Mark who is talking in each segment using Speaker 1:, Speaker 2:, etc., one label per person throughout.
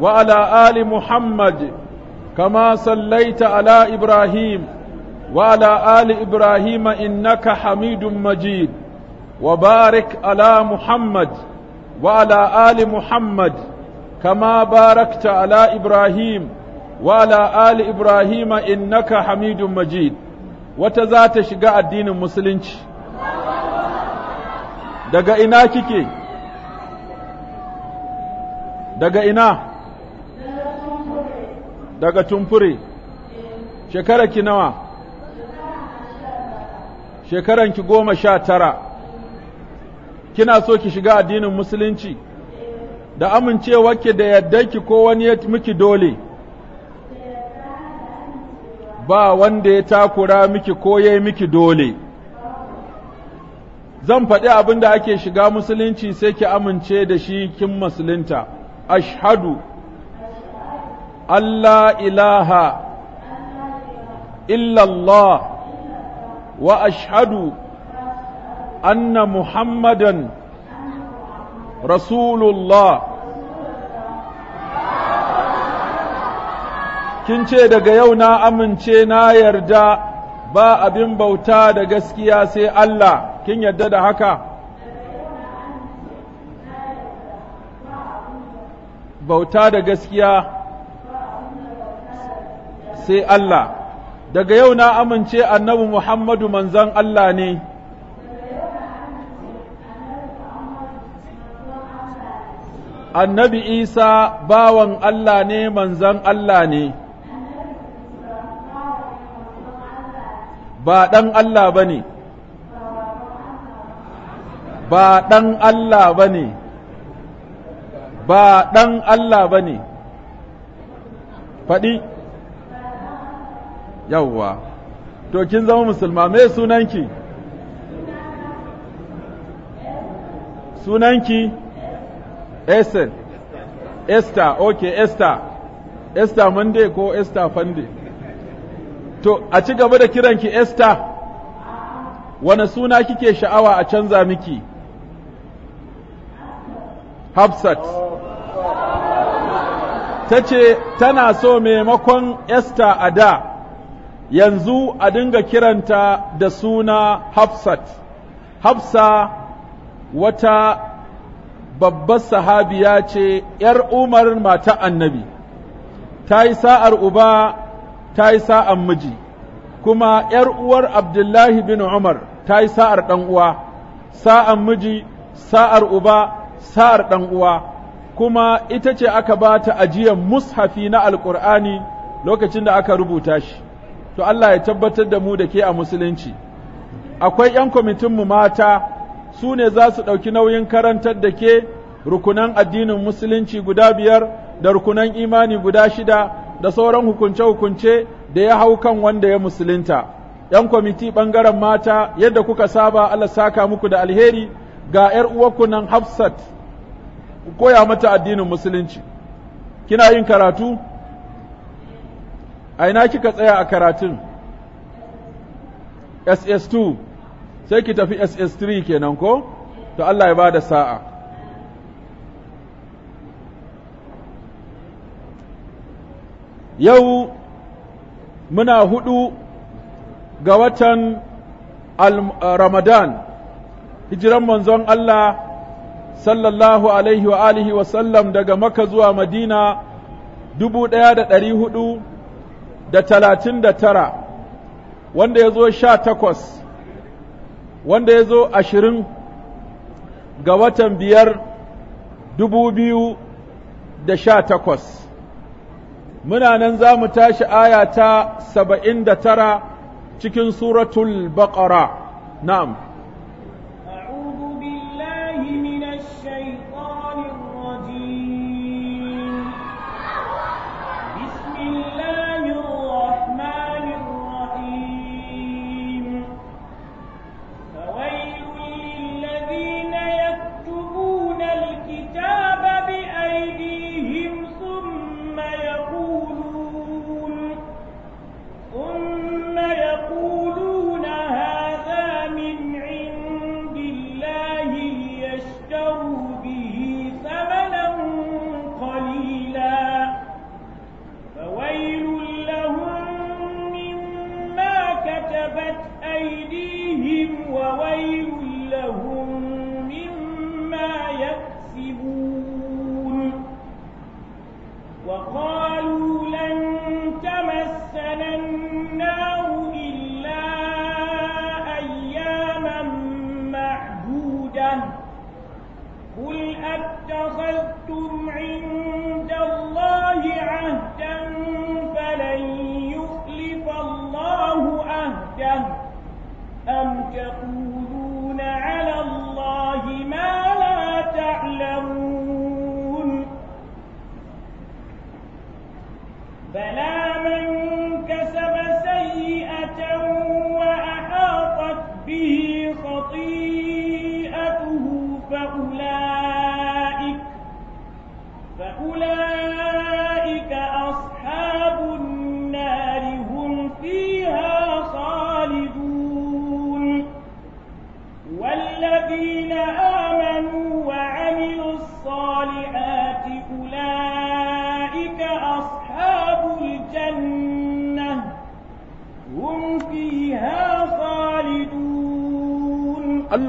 Speaker 1: وعلى آل محمد كما صليت على إبراهيم وعلى آل إبراهيم إنك حميد مجيد وبارك على محمد وعلى آل محمد كما باركت على إبراهيم وعلى آل إبراهيم إنك حميد مجيد وتزات شقاء الدين المسلم daga ina kike daga ina daga tumfure ki nawa shekaranki goma sha tara kina so ki shiga addinin musulunci da amincewarki da yaddarki ko wani ya miki dole ba wanda ya takura miki ko ya miki dole zan faɗi abin da ake shiga musulunci sai ki amince da shi kin musulunta ashhadu Allah Ilaha illallah wa وأشهد anna muhammadan رسول kin ce daga yau na amince na yarda ba abin bauta da gaskiya sai Allah kin yarda da haka bauta da gaskiya sai Allah daga yau na amince annabi Muhammadu manzan Allah ne annabi Isa bawan Allah ne manzan Allah ne ba ɗan Allah ba ne ba ɗan Allah ba ne ba ɗan Allah ba ne faɗi yawwa to kin zama musulma me sunanki sunanki Esther Esther okay Esther Esther Monday ko Esther fande to a ci gaba da kiranki Esther wane suna kike sha'awa a canza miki Hafsat tace tana so maimakon Esther a da yanzu a dinga kiranta da suna Hafsat. Hafsa wata babbar sahabiya ce ‘yar Umar mata annabi, ta yi sa'ar uba, ta yi sa'an miji, kuma ‘yar uwar Abdullahi bin Umar ta yi sa'ar uwa sa'an miji, sa'ar uba, sa'ar uwa kuma ita ce aka ba ta ajiyar mushafi na Alƙur'ani lokacin da aka rubuta shi. to Allah ya tabbatar da mu da ke a musulunci akwai ‘yan kwamitinmu mata su ne za su ɗauki nauyin karantar da ke rukunan addinin musulunci guda biyar da rukunan imani guda shida da sauran hukunce-hukunce da ya hau kan wanda ya musulunta. ‘Yan kwamiti ɓangaren mata yadda kuka saba Allah saka muku da alheri ga ƴar uwarku nan Hafsat koya mata addinin musulunci. Kina yin karatu? a ina kika tsaya a karatun ss2 sai ki tafi ss3 kenan ko to Allah ya ba da sa'a yau muna hudu ga watan eh, ramadan hijiran manzon Allah sallallahu alaihi wa alihi wa sallam daga maka zuwa madina dubu ɗaya da ɗari hudu da talatin da tara wanda ya zo sha takwas wanda ya zo ashirin ga watan biyar dubu biyu da sha takwas muna nan za mu tashi aya ta saba'in da tara cikin suratul baqara na'am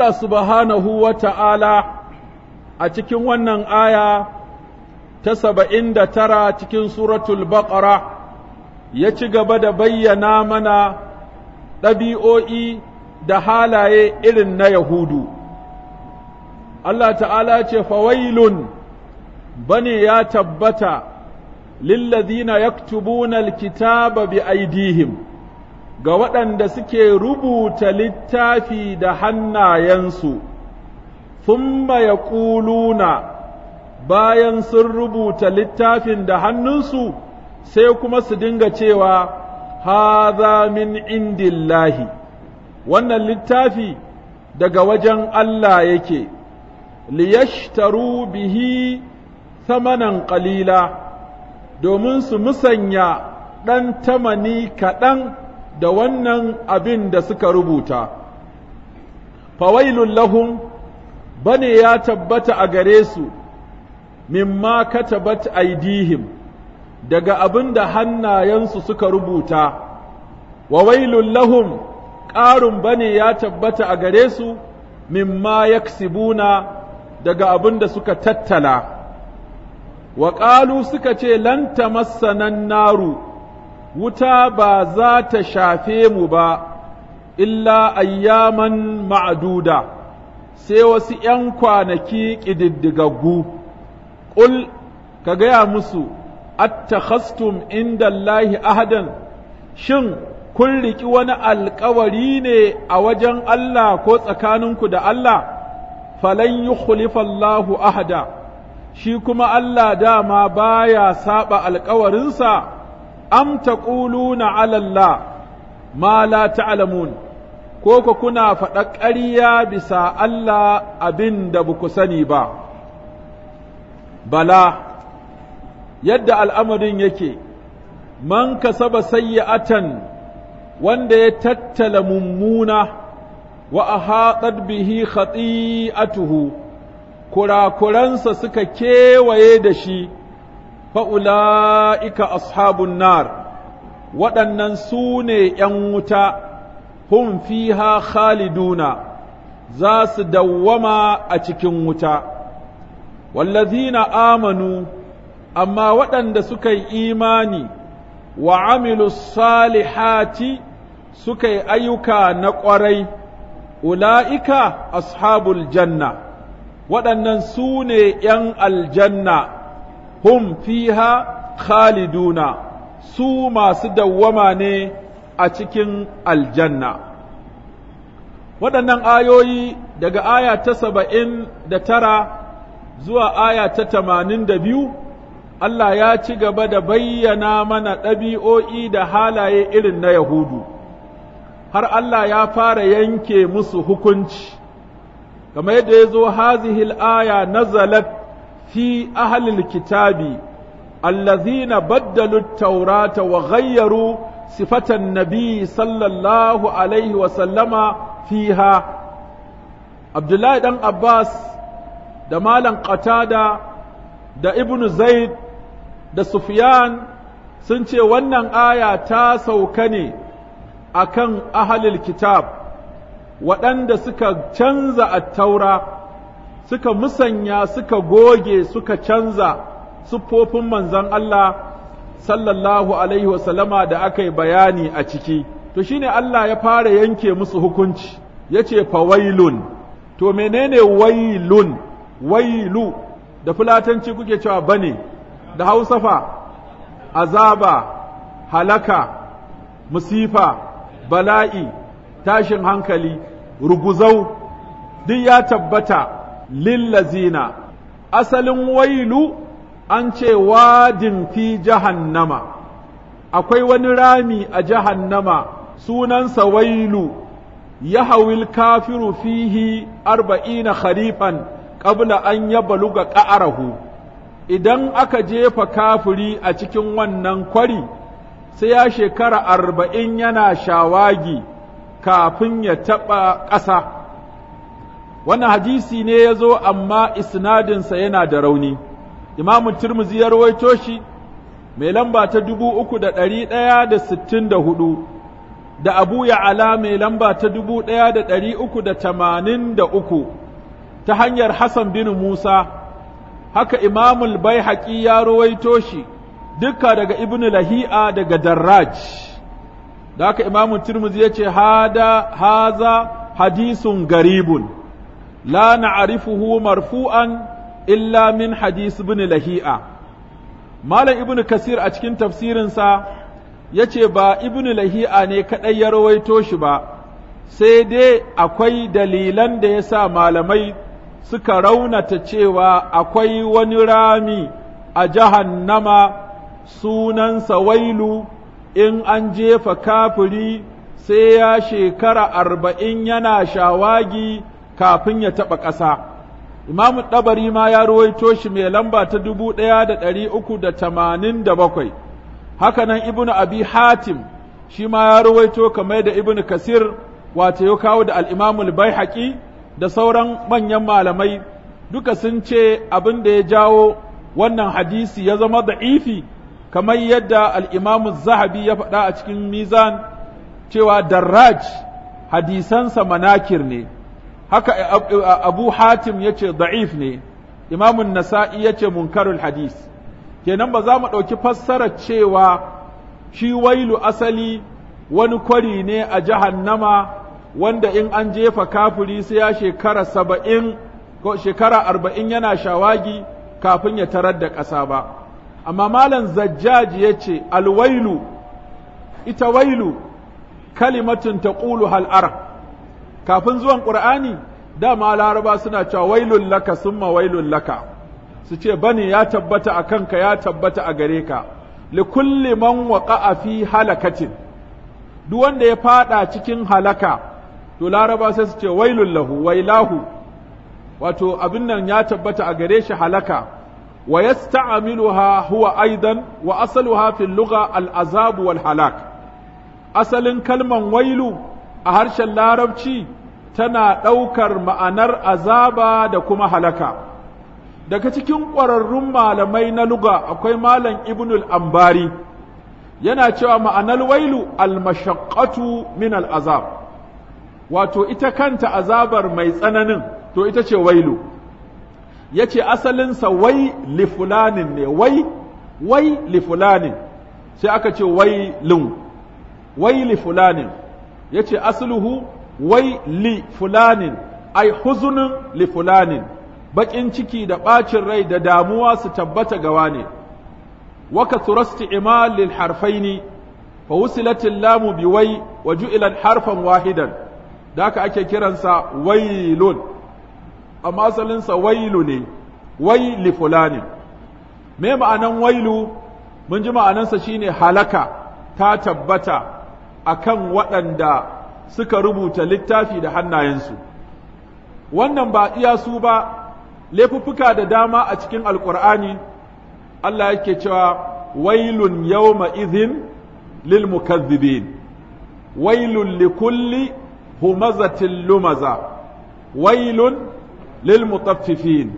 Speaker 1: Allah subhanahu wa ta'ala a cikin wannan aya ta saba'in da tara cikin suratul baƙara ya ci gaba da bayyana mana ɗabi'o'i da halaye irin na Yahudu. Allah ta'ala ce, Fawailun, bane ya tabbata, lillazina yaktubuna alkitaba bi aidihim. ga waɗanda suke rubuta littafi da hannayensu, thumma ya ƙuluna bayan sun rubuta littafin da hannunsu sai kuma su dinga cewa, haza min indillahi, wannan littafi daga wajen Allah yake, liyashtaru bihi samanan ƙalila, domin su musanya ɗan tamani kaɗan. da wannan abin da suka rubuta fawailun lahum bane ya tabbata a gare su mimma katabat aidihim daga abin da hannayensu suka rubuta wa wailun lahum ƙarin bane ya tabbata a gare su mimma yaksibuna daga abin da suka tattala wa ƙalu suka ce lan tamassanan naru wuta ba za ta shafe mu ba, illa ayyaman ma'aduda, sai wasu ’yan kwanaki ƙididdigaggu, ƙul ka gaya musu, attakhastum inda Allahi ahadan, shin kun riƙi wani alƙawari ne a wajen Allah ko tsakaninku da Allah, falan yi ahada, shi kuma Allah dama baya saɓa alkawarinsa. am taquluna ala Allah ma la ta'lamun ko ku kuna faɗa ƙarya bisa Allah abin da ku sani ba bala yadda al'amarin yake man kasaba sayyi'atan wanda ya tattala mummuna wa ahaɗar bihi khati'atuhu kurakuransa suka kewaye da shi fa'ula'ika ashabun nar, waɗannan su ne ’yan wuta, hun fiha khaliduna, za su dawwama a cikin wuta. Wallazina amanu, amma waɗanda suka yi imani wa amilu salihati suka yi ayyuka na ƙwarai, ula'ika ashabul janna, waɗannan su ne ’yan aljanna. hum fiha khaliduna su masu dawwama ne a cikin aljanna waɗannan ayoyi daga aya ta saba'in da tara zuwa aya ta tamanin da biyu Allah ya ci gaba da bayyana mana ɗabi'o'i da halaye irin na Yahudu, har Allah ya fara yanke musu hukunci, kamar yadda ya zo hazihil aya nazalat fi ahlil kitabi allazina baddalu taurata wa ghayyaru sifatan nabi sallallahu alaihi wa sallama fiha abdullahi dan abbas da malam qatada da ibnu zaid da sufyan sun ce wannan aya ta sauka ne akan ahlil kitab waɗanda suka canza attaura suka musanya suka goge suka canza siffofin manzon Allah sallallahu alaihi wasallama da aka yi bayani a ciki to shine Allah ya fara yanke musu hukunci yace fawailun to menene wailun wailu da fulatanci kuke cewa bane da Hausa fa azaba halaka musifa bala'i tashin hankali ruguzau duk ya tabbata lillazina asalin wailu an ce wadin fi jahannama akwai wani rami a jahannama sunansa wailu ya hawil kafiru fihi arba'ina kharifan qabla an yabluga qa'arahu idan aka jefa kafiri a cikin wannan kwari sai ya shekara arba'in yana shawagi kafin ya taɓa ƙasa wannan hadisi ne ya zo amma isnadinsa yana da rauni imamu turmuzi ya rawaito shi mai lamba ta dubu uku da ɗari ɗaya da sittin da hudu da abu ya'ala mai lamba ta dubu ɗaya da ɗari uku da tamanin da uku ta hanyar hassan bin musa haka imamul bai haƙi ya rawaito shi dukka daga ibn lahi'a daga darraj da haka imamu turmuzi ya ce hada haza hadisun garibun la na'rifuhu fu'an illa min hadis ibn lahi'a malam ibn kasir a cikin tafsirinsa yace ba ibn lahi'a ne kadai ya rawaito shi ba sai dai akwai dalilan da yasa malamai suka raunata cewa akwai wani rami a jahannama sa wailu in an jefa kafiri sai ya shekara arba'in yana shawagi kafin ya taɓa ƙasa imamu ɗabari ma ya ruwaito shi mai lamba ta dubu ɗaya da ɗari uku da tamanin da bakwai hakanan ibnu abi hatim shi ma ya ruwaito kamar da ibnu kasir wato ya kawo da al'imamul bai da sauran manyan malamai duka sun ce abin da ya jawo wannan hadisi ya zama da'ifi kamar yadda al'imamul zahabi ya faɗa a cikin mizan cewa darraj hadisansa manakir ne haka eh, eh, eh, abu hatim ya ce da'if ne imamun nasa'i ya ce munkarul hadis kenan ba za mu ɗauki fassarar cewa shi wailu asali wani kwari ne a jahannama wanda in an jefa kafiri sai ya shekara saba'in ko shekara arba'in yana shawagi kafin ya tarar da ƙasa ba amma malam zajjaji ya ce alwailu ita wailu kalimatun ta ƙulu hal'ar kafin zuwan qur'ani dama laraba suna cewa wailul laka summa wailul laka su ce bane ya tabbata a kanka ya tabbata a gare ka li kulli man waqa'a fi halakatin duk wanda ya fada cikin halaka to laraba sai su ce wailul lahu wailahu wato abin nan ya tabbata a gare shi halaka wa yasta'miluha huwa aidan wa asaluha fil lugha al azab wal halak asalin kalman wailu a harshen larabci tana ɗaukar ma'anar azaba da kuma halaka daga cikin ƙwararrun malamai na luga akwai malam ibnul ambari yana cewa ma'anar wailu almashaqqatu min al-azab. wato ita kanta azabar mai tsananin to ita ce wailu yace asalinsa wai li fulanin ne wai wai li fulanin sai aka ce wailun wai li fulanin yace asluhu wai li fulanin ai huzunin li fulanin bakin ciki da ɓacin rai da damuwa su tabbata gawa ne wa kathrasti imal lil harfaini fa wusilatil lamu bi wai wa ju'ilan harfan wahidan da haka ake kiransa wailun amma sa wailu ne wai li fulanin me ma'anan wailu mun ji ma'anansa shine halaka ta tabbata akan waɗanda suka rubuta littafi da hannayensu wannan ba iya su ba laifuffuka da dama a cikin alƙur'ani Allah yake cewa wailun yawma izin lil mukazzibin wailun likulli humazatin lumaza wailun lil mutaffifin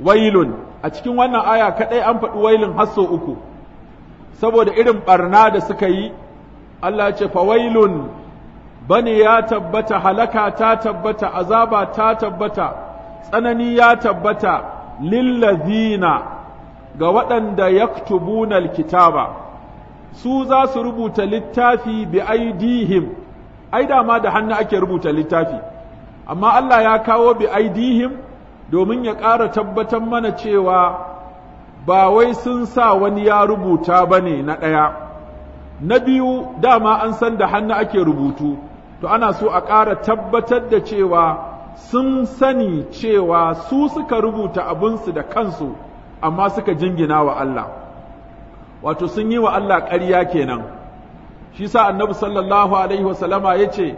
Speaker 1: wailun a cikin wannan aya kadai an faɗi wailun hasso uku saboda irin ɓarna da suka yi Allah ce fawailun bane ya tabbata halaka ta tabbata azaba ta tabbata tsanani ya tabbata lillazina ga waɗanda yaktubuna alkitaba su za su rubuta littafi bi aidihim ai ma da hannu ake rubuta littafi amma Allah ya kawo bi aidihim domin ya ƙara tabbatar mana cewa ba wai sun sa wani ya rubuta bane na ɗaya na biyu dama an san da hannu ake rubutu to ana so a ƙara tabbatar da cewa sun sani cewa su suka rubuta abinsu da kansu amma suka jingina wa Allah wato sun yi wa Allah ƙarya kenan shi sa annabi sallallahu alaihi wasallama ya ce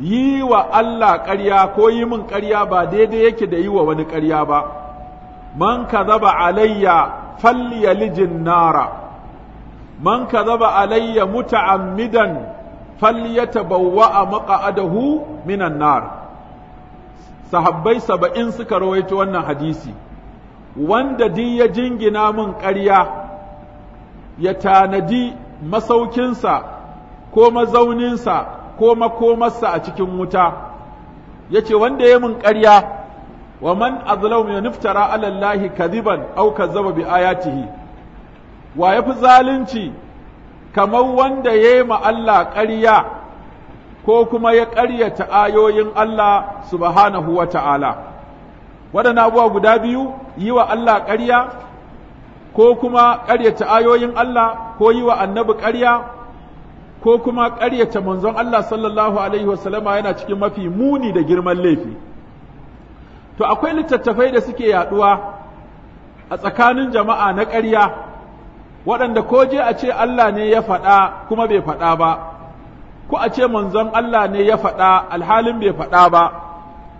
Speaker 1: yi wa Allah ƙarya ko yi min ƙarya ba daidai yake da yi wa wani ƙarya ba man kadhaba alayya lijin nara man kadhaba alayya muta'ammidan falyatabawwa maq'adahu minan nar sahabbai saba'in suka rawaito wannan hadisi wanda duk ya jingina mun ƙarya ya tanadi masaukinsa ko sa ko makomarsa a cikin wuta yace wanda ya mun ƙarya wa man azlaum ya nuftara alallahi kadiban au kazzaba bi ayatihi wa ya fi zalunci kamar wanda ya yi ma Allah ƙarya ko kuma ya ƙaryata ayoyin Allah subhanahu wa ta'ala. Waɗannan abuwa guda biyu yi wa Allah ƙarya ko kuma ƙaryata ayoyin Allah ko yi wa annabi ƙarya ko kuma ƙaryata manzon Allah sallallahu Alaihi wasallama yana cikin mafi muni da girman laifi. To akwai littattafai da suke yaɗuwa a tsakanin jama'a na ƙarya. waɗanda ko je a ce Allah ne ya faɗa kuma bai faɗa ba ko a ce manzon Allah ne ya faɗa alhalin bai faɗa ba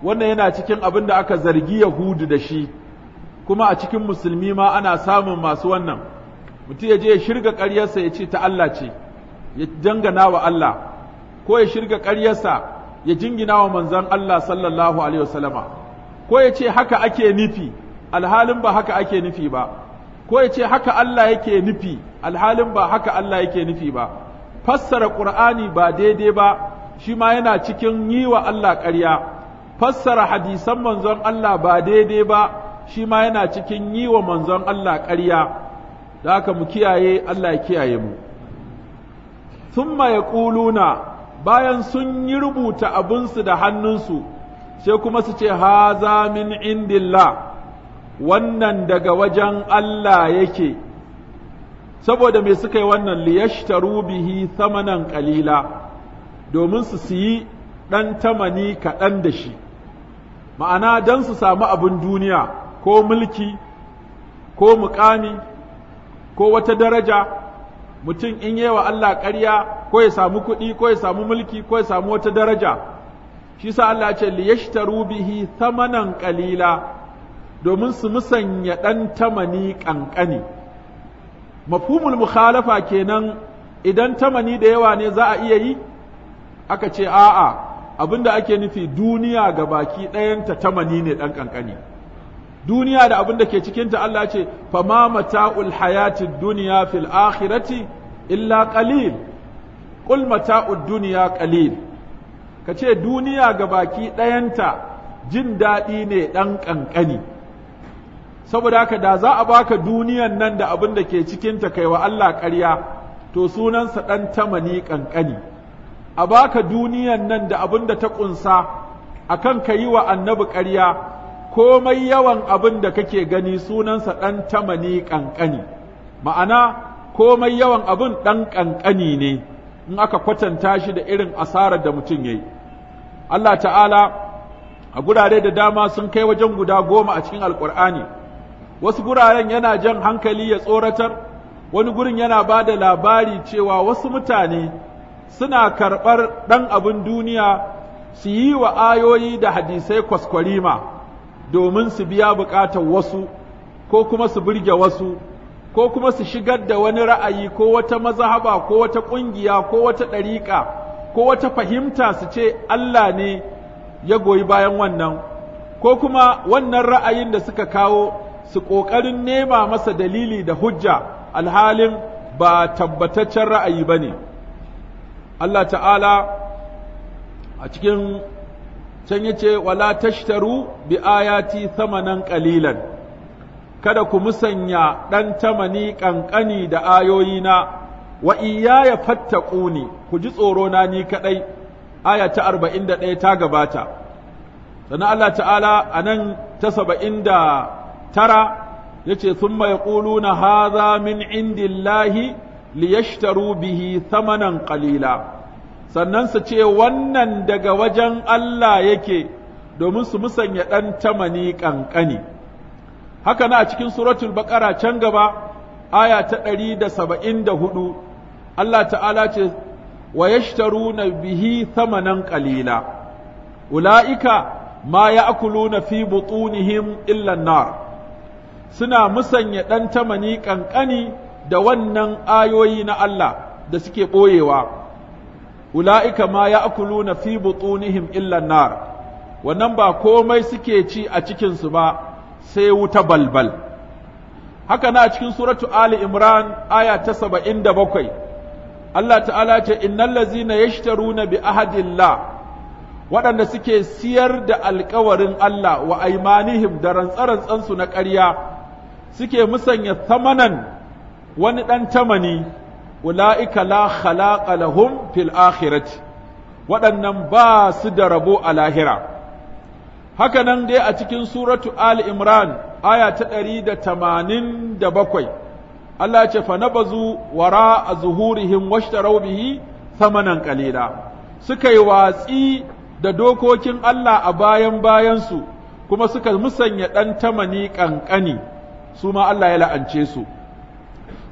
Speaker 1: wannan yana cikin abin da aka zargi Yahudu da shi kuma a cikin musulmi ma ana samun masu wannan mutum ya je ya shirga ƙaryarsa ya ce ta Allah ce ya dangana wa Allah ko ya shirga ƙaryarsa ya jingina wa manzon Allah sallallahu alaihi wasallama ko ya ce haka ake nufi alhalin ba haka ake nufi ba ko ya ce haka Allah yake nufi alhalin ba haka Allah yake nufi ba fassara Qur'ani ba daidai ba shi ma yana cikin yi wa Allah ƙarya fassara hadisan manzon Allah ba daidai ba shi ma yana cikin yi wa manzon Allah ƙarya da haka mu kiyaye Allah ya kiyaye mu thumma yaquluna bayan sun yi rubuta abinsu da hannunsu sai kuma su ce haza min indillah wannan daga wajen Allah yake saboda me suka yi wannan liyashtaru bihi samanan qalila domin su siyi ɗan tamani kaɗan da shi ma'ana don su samu abin duniya ko mulki ko mukami ko wata daraja mutum in yi wa Allah ƙarya ko ya samu kuɗi ko ya samu mulki ko ya samu wata daraja shi sa Allah ce liyashtaru bihi samanan qalila domin su musanya ɗan tamani ƙanƙani mafhumul mukhalafa kenan idan tamani da yawa ne za a iya yi aka ce a'a abinda ake nufi duniya ga baki ɗayanta tamani ne ɗan ƙanƙani duniya da abinda ke ke cikinta Allah ce fama mata'ul hayatid duniya fil akhirati illa qalil qul mata'ud duniya qalil kace duniya ga baki ɗayanta jin daɗi ne ɗan ƙanƙani saboda haka da za a baka duniyan nan da abin da ke cikinta kai wa Allah ƙarya to sunansa ɗan tamani ƙanƙani a baka duniyan nan da abin da ta ƙunsa akan ka yi wa annabi ƙarya komai yawan abin da kake gani sunansa ɗan tamani ƙanƙani ma'ana komai yawan abin ɗan ƙanƙani ne in aka kwatanta shi da irin asarar da mutum ya yi Allah ta'ala a gurare da dama sun kai wajen guda goma a cikin alƙur'ani wasu guraren yana jan hankali ya tsoratar wani gurin yana ba da labari cewa wasu mutane suna karɓar ɗan abin duniya su yi wa ayoyi da hadisai kwaskwarima domin su biya buƙatar wasu ko kuma su burge wasu ko kuma su shigar da wani ra'ayi ko wata mazhaba ko wata ƙungiya ko wata ɗariƙa ko wata fahimta su ce Allah ne ya goyi bayan wannan ko kuma wannan ra'ayin da suka kawo su ƙoƙarin nema masa dalili da hujja alhalin ba tabbataccen ra'ayi ba ne Allah ta'ala a cikin can yace ce wala tashtaru bi ayati thamanan qalilan kada ku musanya ɗan tamani ƙanƙani da ayoyina wa ya fattaquni ku ji tsoro na ni kaɗai aya ta arba'in da ɗaya ta gabata sannan Allah ta'ala a nan ta saba'in da tara yace thumma yaquluna hadha min indillahi liyashtaru bihi thamanan qalila sannan su ce wannan daga wajen Allah yake domin su musanya ɗan tamani ƙanƙani. haka na a cikin suratul baƙara can gaba aya ta ɗari da hudu Allah ta'ala ce wa na bihi thamanan ƙalila ulaika ma ya'kuluna fi butunihim illan an suna musanya ɗan tamani ƙanƙani da wannan ayoyi na Allah da suke ɓoyewa, ula'ika ma ya na fi butunihim illan nar, wannan ba komai suke ci a cikinsu ba sai wuta balbal. Haka na cikin suratu Ali Imran aya ta saba'in da bakwai, Allah ta'ala ce, Innan lazina yashtaruna bi ahadillah waɗanda suke siyar da alkawarin Allah wa aimanihim da rantsarantsansu na ƙarya suke musanya samanan wani ɗan tamani ula'ika la khalaqa lahum fil akhirati waɗannan ba su da rabo a lahira haka nan dai a cikin suratu al Imran aya ta ɗari da tamanin da bakwai Allah ce fa nabazu wara a zuhurihim washtarau bihi thamanan qalila suka yi watsi da dokokin Allah a bayan bayansu kuma suka musanya ɗan tamani ƙanƙani su ma Allah ya la'ance su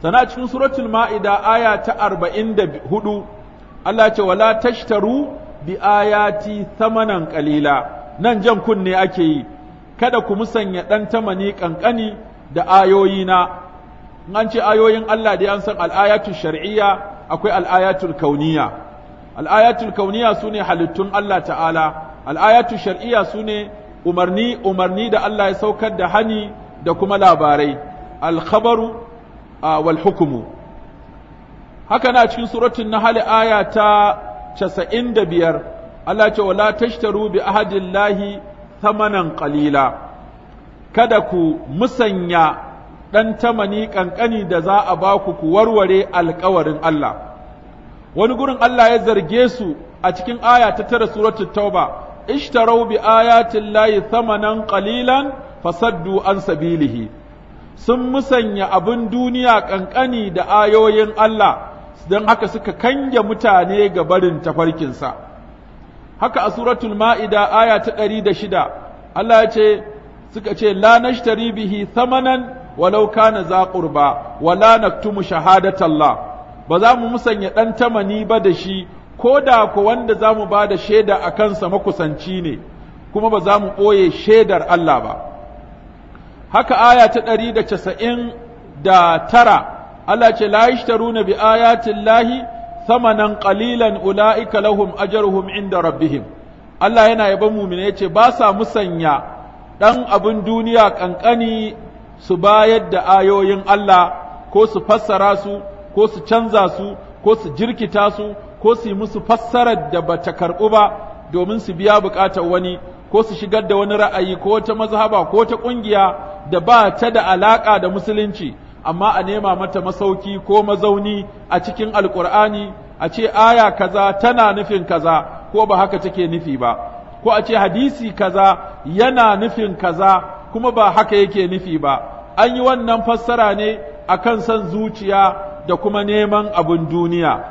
Speaker 1: sana cikin suratul ma'ida aya ta arba'in da hudu Allah ce wala tashtaru bi ayati thamanan ƙalila nan jan kunne ake yi kada ku musanya ɗan tamani ƙanƙani da ayoyina an ce ayoyin Allah da an san al'ayatu shar'iyya akwai al'ayatul kauniya al'ayatul kauniya su ne halittun Allah ta'ala al'ayatul shar'iyya su ne umarni umarni da Allah ya saukar da hani da kuma labarai alkhabaru a walhukumu. haka na cikin suratun nahl aya ta biyar. Allah ce wala tashtaru bi ahadillahi tamanan kalila, kada ku musanya ɗan tamani ƙanƙani da za a ba ku ku warware alkawarin Allah wani gurin Allah ya zarge su a cikin aya ta tara suratul tauba ishtaraw bi ayatin layi thamanan qalilan fasaddu an sabilihi sun musanya abin duniya kankani da ayoyin Allah don haka suka kange mutane ga barin tafarkinsa haka a suratul ma'ida aya ta ɗari da shida Allah ya ce suka ce la nashtari bihi thamanan walau kana za wala naktumu shahadatallah ba za mu musanya ɗan tamani ba da shi ko da ku wanda za mu ba da shaida a kansa makusanci ne kuma ba za mu ɓoye shaidar Allah ba haka aya ta ɗari da casa'in da tara Allah ce la na bi ayatin lahi samanan ƙalilan ula'ika lahum ajaruhum inda rabbihim Allah yana yaban mumina yace ba sa musanya ɗan abin duniya ƙanƙani su bayar da ayoyin Allah ko su fassara su ko su canza su ko su jirkita su ko su yi musu fassarar da ba ta karɓu ba domin su biya buƙatar wani ko su shigar da wani ra'ayi ko ta mazhaba ko ta ƙungiya da ba ta da alaƙa da musulunci amma a nema mata masauki ko mazauni a cikin alƙur'ani a ce aya kaza tana nufin kaza ko ba haka take nufi ba ko a ce hadisi kaza yana nufin kaza kuma ba haka yake nufi ba an yi wannan fassara ne akan son zuciya da kuma neman abin duniya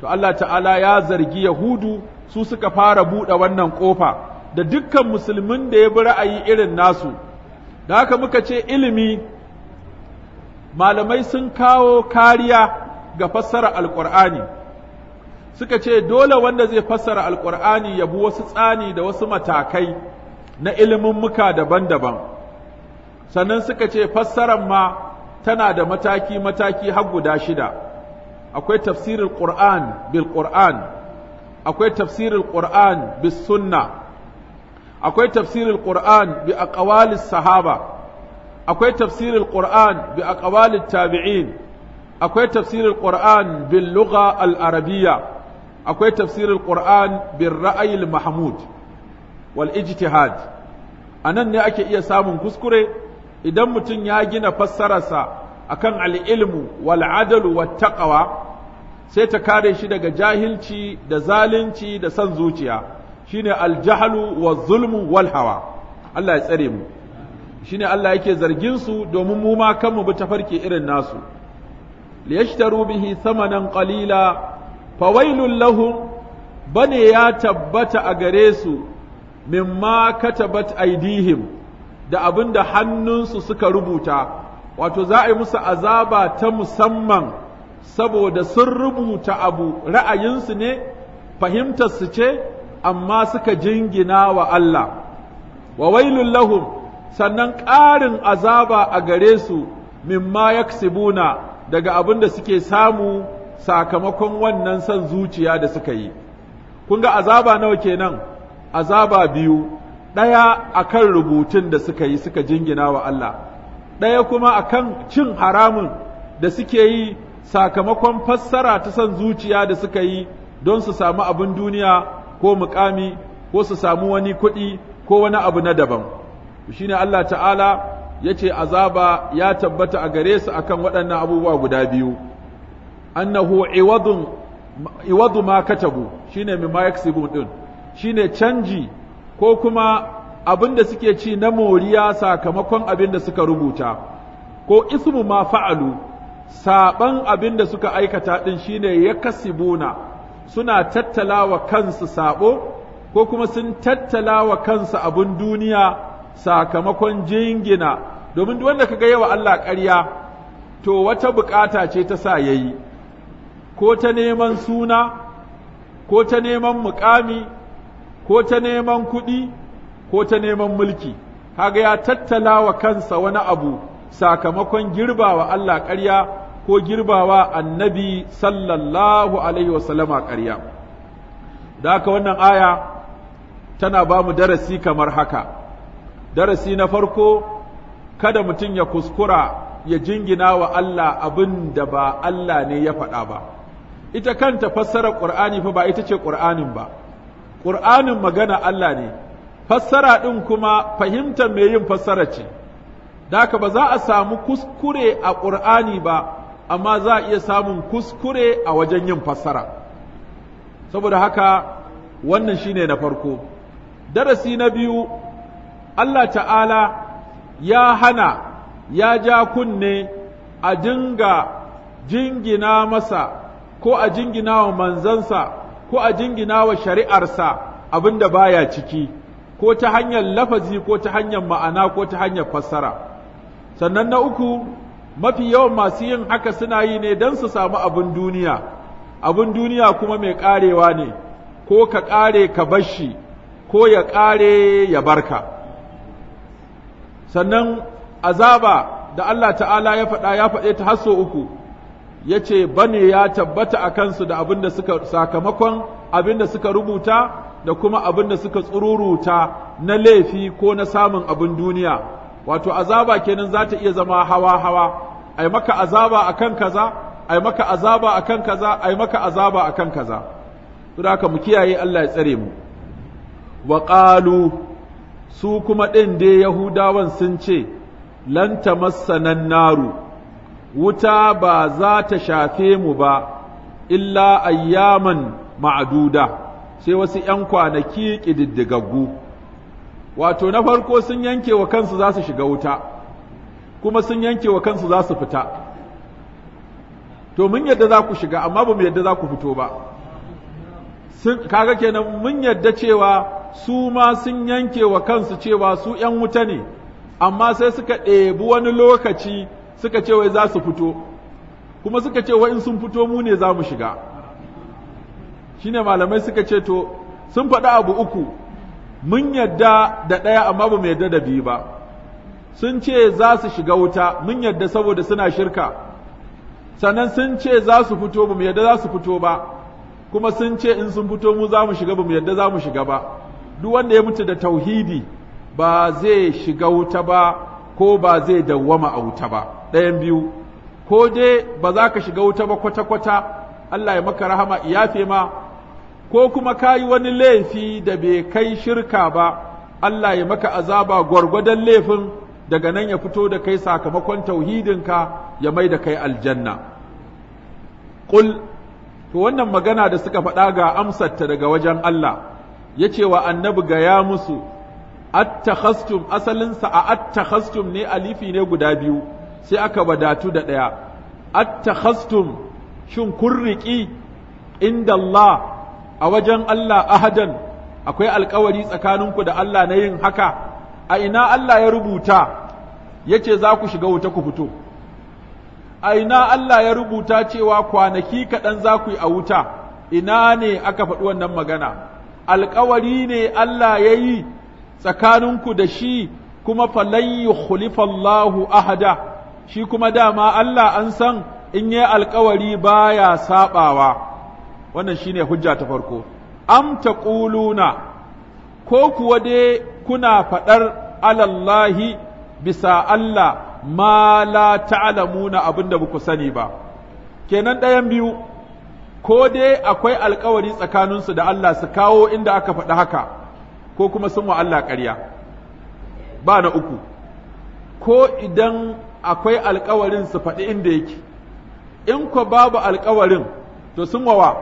Speaker 1: to Allah ta'ala ya zargi yahudu su suka fara buɗe wannan ƙofa da dukkan musulmin da ya bi ra'ayi irin nasu da haka muka ce ilimi malamai sun kawo kariya ga fassara alƙur'ani suka ce dole wanda zai fassara alƙur'ani ya bi wasu tsani da wasu matakai na ilimin muka daban-daban sannan suka ce fassarar ma tana da mataki mataki har guda shida akwai tafsirin ƙur'an bil ƙur'an akwai tafsirin ƙur'an bis sunna akwai tafsirin ƙur'an bi aqwalis sahaba akwai tafsirin ƙur'an bi aqwalit tabi'in akwai tafsirin ƙur'an bil lugha al arabiyya akwai tafsirin ƙur'an bil ra'ayil mahmud wal ijtihad anan ne ake iya samun kuskure idan mutum ya gina fassararsa akan al'ilmu wal adalu wat sai ta kare shi daga jahilci da zalunci da san zuciya shine aljahalu wa zulmu wal hawa Allah ya tsare mu shine Allah yake zargin su domin mu ma kanmu bi tafarki irin nasu liyashtaru bihi thamanan qalila fawailul lahum bane ya tabbata a gare su mimma katabat aidihim da abin da hannunsu suka rubuta wato za a yi musu azaba ta musamman saboda sun rubuta abu ra'ayinsu ne fahimtarsu ce amma suka jingina wa Allah wa wailun lahum sannan ƙarin azaba a gare su mimma yaksibuna daga abin da suke samu sakamakon wannan son zuciya da suka yi kun ga azaba nawa kenan azaba biyu ɗaya a kan rubutun da suka yi suka jingina wa Allah ɗaya kuma akan cin haramun da suke yi sakamakon fassara ta son zuciya da suka yi don su samu abin duniya ko mukami ko su samu wani kuɗi ko wani abu na daban shine Allah ta'ala ya ce azaba ya tabbata a gare su akan waɗannan abubuwa guda biyu annahu iwadun iwadu ma katabu shine mimma ɗin. din shine canji ko kuma abin da suke ci na moriya sakamakon abin da suka rubuta ko ismu ma fa'alu saban abin da suka aikata din shine ya kasibuna suna tattalawa kansu saɓo ko kuma sun tattalawa kansu abin duniya sakamakon jingina domin wanda kaga yawa Allah ƙarya to wata bukata ce ta sa yayi ko ta neman suna ko ta neman mukami ko ta neman kuɗi ko ta neman mulki kaga ya tattala wa kansa wani abu sakamakon girbawa Allah ƙarya ko girbawa annabi sallallahu alaihi wasallama ƙarya da haka wannan aya tana ba mu darasi kamar haka darasi na farko kada mutum ya kuskura ya jingina wa Allah abin da ba Allah ne ya faɗa ba ita kanta fassarar ƙur'ani fa ba ita ce ƙur'anin ba ƙur'anin magana Allah ne fassara ɗin kuma fahimtar mai yin fassara ce daka ba za a samu kuskure a ƙur'ani ba amma za a iya samun kuskure a wajen yin fassara saboda haka wannan shine na farko darasi na biyu Allah ta'ala ya hana ya ja kunne a dinga jingina masa ko a jingina wa manzansa ko a jingina wa shari'arsa abinda da baya ciki ko ta hanyar lafazi ko ta hanyar ma'ana ko ta hanyar fassara sannan na uku mafi yawan masu yin haka suna yi ne don su samu abin duniya abin duniya kuma mai karewa ne ko ka kare ka bashi ko ya kare ya barka sannan azaba da Allah ta'ala ya faɗa ya faɗe ta hasso uku ya ce bane ya tabbata a kansu da abin da suka sakamakon abin da suka rubuta da kuma abin da suka tsururuta na laifi ko na samun abin duniya wato azaba kenan za ta iya zama hawa-hawa ai maka azaba akan kaza ai maka azaba akan kaza ai maka azaba akan kaza saboda haka mu kiyaye Allah ya tsare mu wa qalu su kuma din dai yahudawan sun ce lan tamassanan naru wuta ba za ta shafe mu ba illa ayyaman ma'aduda sai wasu ‘yan kwanaki ƙididdigaggu wato na farko sun yanke wa kansu za su shiga wuta kuma sun yanke wa kansu za su fita to mun yadda za ku shiga amma ba mu yadda za ku fito ba kaga kenan mun yadda cewa su ma sun yanke wa kansu cewa su ‘yan wuta ne amma sai suka ɗebi wani lokaci suka ce wai za su fito kuma suka ce wai in sun fito mu ne za mu shiga Shi ne malamai suka ce to sun faɗi abu uku mun yadda da ɗaya amma ba mu yadda da biyu ba sun ce za su shiga wuta mun yadda saboda suna shirka sannan sun ce za su fito ba mu yadda za su fito ba kuma sun ce in sun fito mu za mu shiga ba mu yadda za mu shiga ba duk wanda ya mutu da tauhidi ba zai shiga wuta ba ko ba zai dawwama a wuta ba ɗayan biyu ko dai ba za ka shiga wuta ba kwata-kwata Allah ya maka rahama iyafe ma ko kuma ka yi wani laifi da bai kai shirka ba Allah ya maka azaba gwargwadon laifin daga nan ya fito da kai sakamakon tauhidinka ya mai da kai aljanna ƙul to wannan magana da suka faɗa ga amsarta daga wajen Allah ya ce wa annabi ga ya musu attakhastum asalinsa a attakhastum ne alifi ne guda biyu sai aka wadatu da ɗaya attakhastum shin kun riƙi inda Allah a wajen Allah ahadan akwai alkawari tsakaninku da Allah na yin haka a ina Allah ya rubuta yace ce za ku shiga wuta ku fito a ina Allah ya rubuta cewa kwanaki kaɗan za ku yi a wuta ina ne aka faɗi wannan magana alkawari ne Allah ya yi tsakaninku da shi kuma falan yukhlifa Allahu ahada shi kuma dama Allah an san in yi alkawari baya saɓawa. wannan shine hujja ta farko am taquluna ko kuwa dai kuna faɗar alallahi bisa Allah ma la ta'lamuna abinda ba sani ba kenan ɗayan biyu ko dai akwai alkawari tsakaninsu da Allah su kawo inda aka faɗi haka ko kuma sun wa Allah ƙarya ba na uku ko idan akwai alkawarin su faɗi inda yake in ko babu alkawarin to sun wa?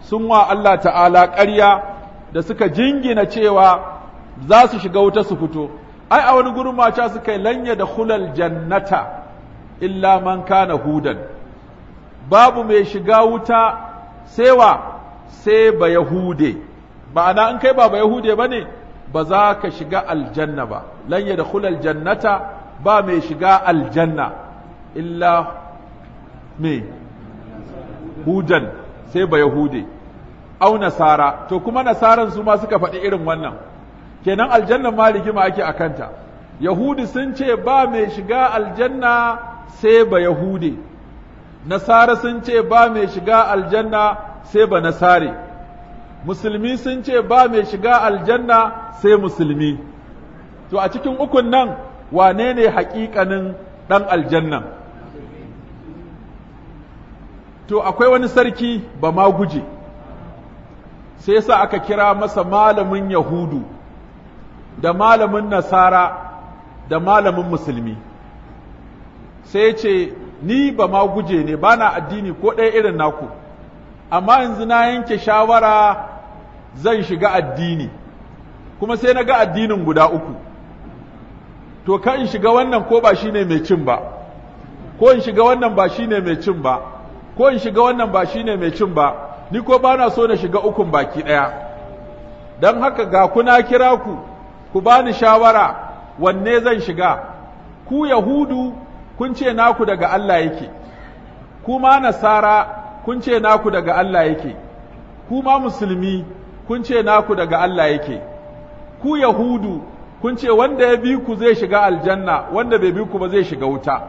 Speaker 1: sun wa Allah ta'ala ƙarya da suka jingina cewa za su shiga wuta su fito ai a wani gurin mata su kai, lanya da hulal jannata illa man kana hudan babu mai shiga wuta sewa sai ba yahude ma'ana in kai ba ba yahude ba ne ba za ka shiga aljanna ba lan ya dakhulal jannata ba mai shiga aljanna illa me hudan sai ba yahude au nasara to kuma nasaran su ma suka faɗi irin wannan kenan Aljannan ma rigima ake akanta yahudi sun ce ba mai shiga aljanna sai ba yahude nasara sun ce ba mai shiga aljanna sai ba nasare musulmi sun ce ba mai shiga aljanna sai musulmi to a cikin ukun nan wane ne haƙiƙanin ɗan aljanna? to akwai wani sarki ba ma guje sai yasa aka kira masa malamin yahudu da malamin nasara da malamin musulmi sai ce ni ba ma guje ne ba na addini ko ɗaya irin naku amma yanzu na yanke shawara zan shiga addini kuma sai na ga addinin guda uku to ka in shiga wannan ko ba shine mai cin ba ko in shiga wannan ba shine mai cin ba ko in shiga wannan ba shine mai cin ba ni ko bana so na shiga ukun baki daya dan haka ga kuna kira ku ku bani shawara wanne zan shiga ku yahudu kun ce naku daga Allah yake kuma nasara kun ce naku daga Allah yake ku ma musulmi kun ce naku daga Allah yake ku yahudu kun ce wanda ya bi ku zai shiga aljanna wanda bai bi ku ba zai shiga wuta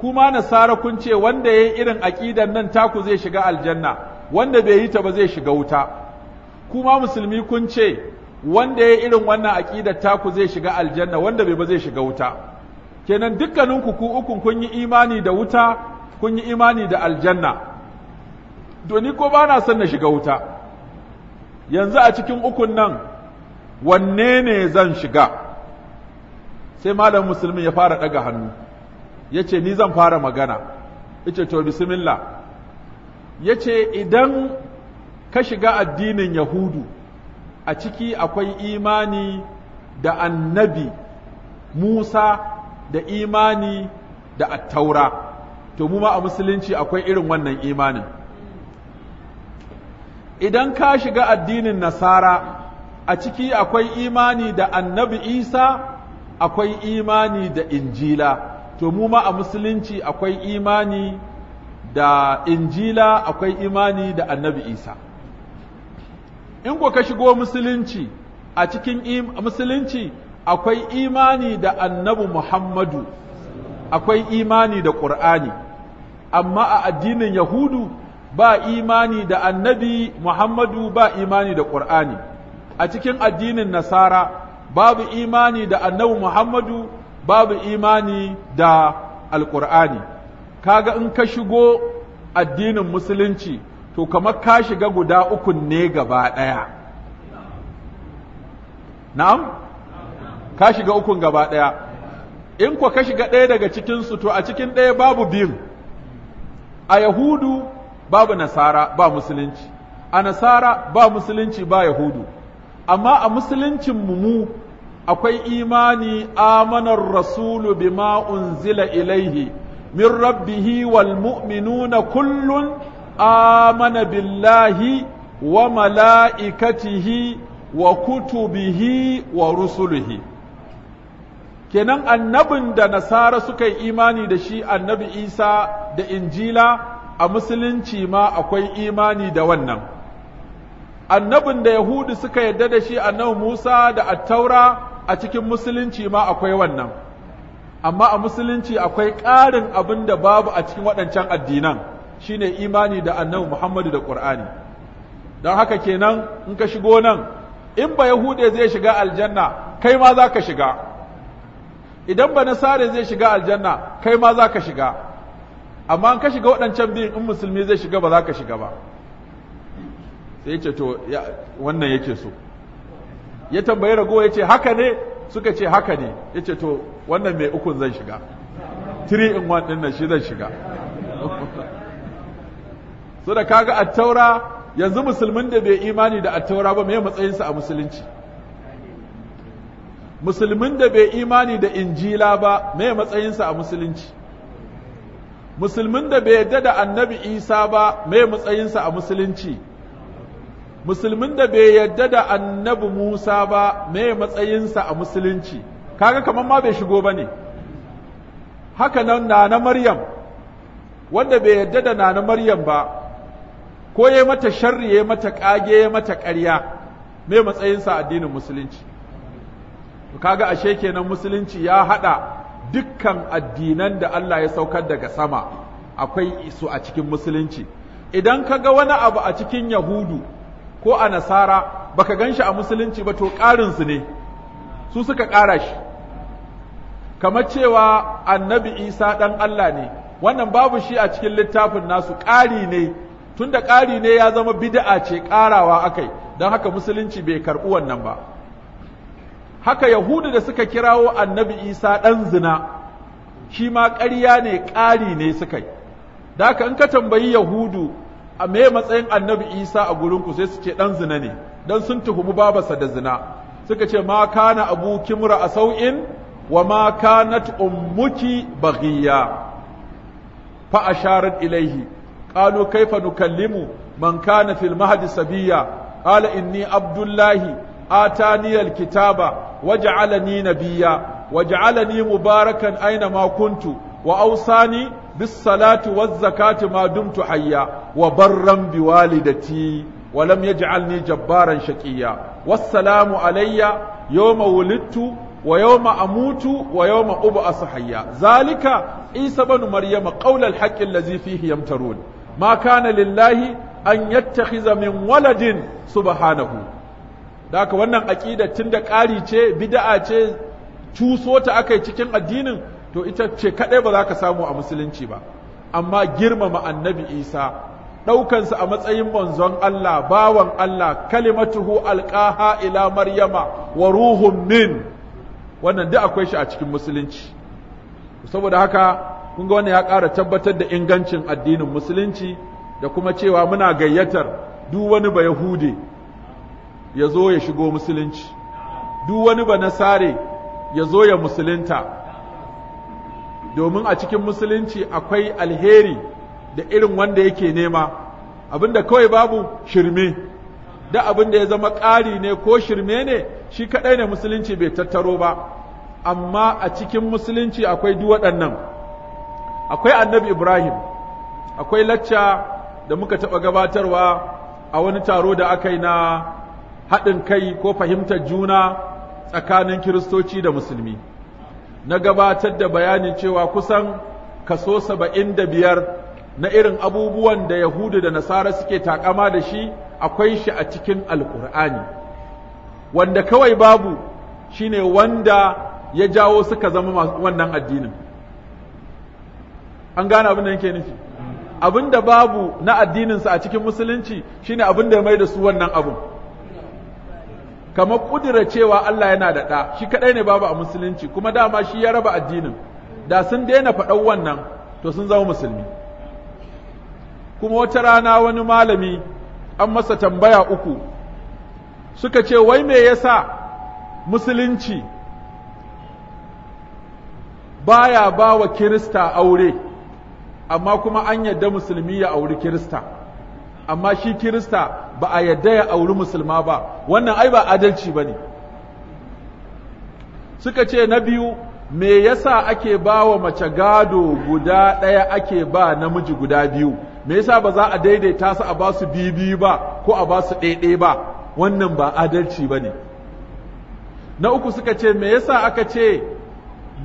Speaker 1: kuma nasara kun ce wanda ya yi irin aƙidan nan taku zai shiga aljanna wanda bai yi ta ba zai shiga wuta kuma musulmi kun ce wanda ya yi irin wannan aƙidar taku zai shiga aljanna wanda bai ba zai shiga wuta kenan dukkaninku ku ukun kun yi imani da wuta kun yi imani da aljanna doni ko ba na son na shiga wuta yanzu a cikin ukun nan wanne ne zan shiga sai malam musulmin ya fara ɗaga hannu ya ce ni zan fara magana ya ce to bismillah ya ce idan ka shiga addinin yahudu a ciki akwai imani da annabi musa da imani da attaura to mu ma a musulunci akwai irin wannan imanin idan ka shiga addinin nasara a ciki akwai imani da annabi isa akwai imani da injila to mu ma a musulunci akwai imani da injila akwai imani da annabi isa in ko ka shigo musulunci a cikin musulunci akwai imani da annabi muhammadu akwai imani da ƙur'ani amma a addinin yahudu ba imani da annabi Muhammadu ba imani da Ƙur'ani, a cikin addinin Nasara babu imani da annabi Muhammadu babu imani da Alƙur'ani. Kaga in ka shigo addinin Musulunci, to kamar ka shiga guda ukun ne gaba ɗaya. Na'am? Ka shiga ukun gaba ɗaya. In ko ka shiga ɗaya daga cikinsu, to a cikin ɗaya babu biyun. a Yahudu babu nasara ba musulunci a nasara ba musulunci ba yahudu amma a musuluncin mu akwai imani amanar rasulu bima unzila ilaihi min rabbihi wal mu'minuna kullun amana billahi wa mala'ikatihi wa kutubihi wa rusulihi kenan annabin da nasara suka yi imani da shi annabi isa da injila a musulunci ma akwai imani da wannan annabin da yahudu suka yarda da shi annabi Musa da attaura a cikin musulunci ma akwai wannan amma a musulunci akwai ƙarin abin da babu a cikin waɗancan addinan shine imani da annabi Muhammadu da Ƙur'ani. don haka kenan in ka shigo nan in ba yahude zai shiga aljanna kai ma za ka shiga idan ba nasare zai shiga aljanna kai ma za ka shiga amma an ka shiga waɗancan biyun in musulmi zai shiga ba za ka shiga ba sai ya ce to wannan yake so ya tambayi ragowa ya ce haka ne suka ce haka ne ya ce to wannan mai ukun zan shiga Tiri in 1 ɗin nan shi zan shiga so da kaga attaura yanzu musulmin da bai imani da attaura ba mai matsayinsa a musulunci musulmin da bai imani da injila ba mai matsayinsa a musulunci musulmin da bai yadda da annabi isa ba mai matsayinsa a musulunci musulmin da bai yadda da annabi musa ba mai matsayinsa a musulunci kaga kamar ma bai shigo ba ne haka nan nana maryam wanda bai yadda da nana maryam ba ko ya mata sharri ya mata kage ya mata ƙarya mai matsayinsa addinin musulunci kaga ashe kenan musulunci ya hada dukkan addinan da Allah ya saukar daga sama akwai su a cikin musulunci idan ka ga wani abu a cikin yahudu ko a nasara baka gan shi a musulunci ba to ƙarinsu ne su suka ƙara shi kamar cewa annabi isa ɗan Allah ne wannan babu shi a cikin littafin nasu ƙari ne tunda ƙari ne ya zama bid'a ce ƙarawa akai don haka musulunci bai karɓi wannan ba haka yahudu da suka kirawo annabi isa ɗan zina shi ma ƙarya ne ƙari ne suka yi da haka in ka tambayi yahudu a me matsayin annabi isa a gurinku sai su ce ɗan zina ne don sun tuhumi babarsa da zina suka ce ma kana abu kimra a sau'in wa ma kanat ummuki baghiya fa asharat ilaihi qalu kaifa nukallimu man kana fil mahdi sabiya qala inni abdullahi ataniyal kitaba waj'alani nabiyya waj'alani mubarakan aina makuntu, kuntu wa awsani bis salati waz zakati ma dumtu hayya wa barran biwalidati wa lam yaj'alni jabbaran shaqiyya wassalamu alayya yawma wulidtu wa yawma amutu wa ubu ub'asu hayya zalika isa banu maryama qawla al-haqqi allazi fihi yamtarun ma kana lillahi an yattakhidha min waladin subhanahu da haka wannan aƙida tun da ƙari ce bida'a ce cuso ta aka cikin addinin to ita ce kaɗai ba za ka samu a musulunci ba amma girmama annabi isa ɗaukansa a matsayin manzon Allah bawan Allah kalimatuhu alƙaha ila maryama wa ruhun min wannan duk akwai shi a cikin musulunci saboda haka kun ga wannan ya ƙara tabbatar da ingancin addinin musulunci da kuma cewa muna gayyatar duk wani ba ya zo ya shigo musulunci duk wani ba na sare ya zo ya musulunta domin a cikin musulunci akwai alheri da irin wanda yake nema abin da kawai babu shirme da abin da ya zama ƙari ne ko shirme ne shi kaɗai ne musulunci bai tattaro ba amma a cikin musulunci akwai duk waɗannan akwai annabi ibrahim akwai lacca da muka taɓa gabatarwa a wani taro da aka yi na haɗin kai ko fahimtar juna tsakanin kiristoci da musulmi na gabatar da bayanin cewa kusan kaso saba'in da biyar na irin abubuwan da yahudu da nasara suke takama da shi akwai shi a cikin alkur'ani wanda kawai babu shine wanda ya jawo suka zama wannan addinin an gane abin da yake nufi abin da babu na addininsa a cikin musulunci shine abin da ya mai da su wannan abin kamar kudura cewa Allah yana da ɗa shi kaɗai ne babu a musulunci kuma dama shi ya raba addinin da sun daina faɗan wannan to sun zama musulmi kuma wata rana wani malami an masa tambaya uku suka ce wai me yasa musulunci baya ba wa kirista aure amma kuma an yadda musulmi ya auri kirista amma shi kirista ba a yadda ya auri musulma ba wannan ai ba adalci ba ne suka ce na biyu me yasa ake ba wa mace gado guda ɗaya ake ba namiji guda biyu me yasa ba za a daidaita su a ba su biyu ba ko a ba su ɗaiɗai ba wannan ba adalci ba ne na uku suka ce me yasa aka ce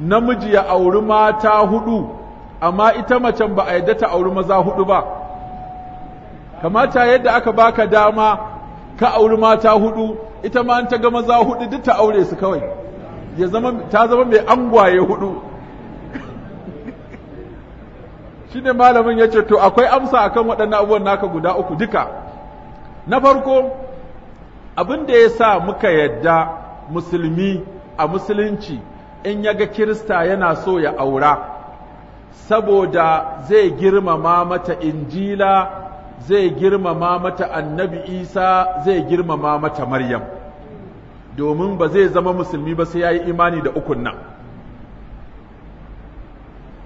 Speaker 1: namiji ya auri mata hudu amma ita macen ba a yadda ta auri maza hudu ba kamata yadda aka baka dama ka auri mata hudu ita ma ta ga maza hudu duk ta aure su kawai ya zama ta zama mai angwaye hudu shine malamin ya ce to akwai amsa akan waɗannan abubuwan naka guda uku duka na farko abin da yasa muka yadda musulmi a musulunci in ya ga kirista yana so ya aura saboda zai girmama mata injila zai girmama mata annabi isa zai girmama mata maryam domin ba zai zama musulmi ba sai ya yi imani da ukun nan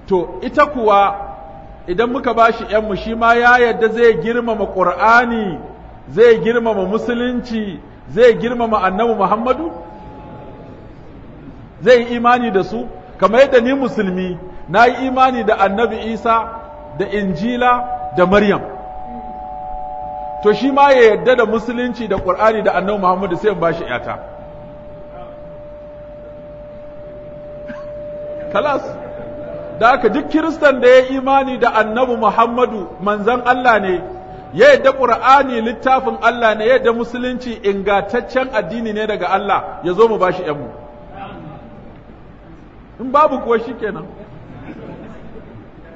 Speaker 1: to ita kuwa idan muka ba shi ‘yanmu shi ma ya yadda zai girmama ƙur'ani zai girmama musulunci zai girmama annabi muhammadu zai yi imani da su kamar yadda ni musulmi na yi imani da annabi isa da injila da maryam to shi ma ya yarda da musulunci da ƙurani da annabi muhammadu sai in bashi yata kalas da aka duk kiristan da ya yi imani da annabi muhammadu manzan allah ne ya yarda ƙur'ani littafin allah ne ya yarda musulunci ingantaccen addini ne daga allah ya zo mu bashi mu in babu kuwa shi kenan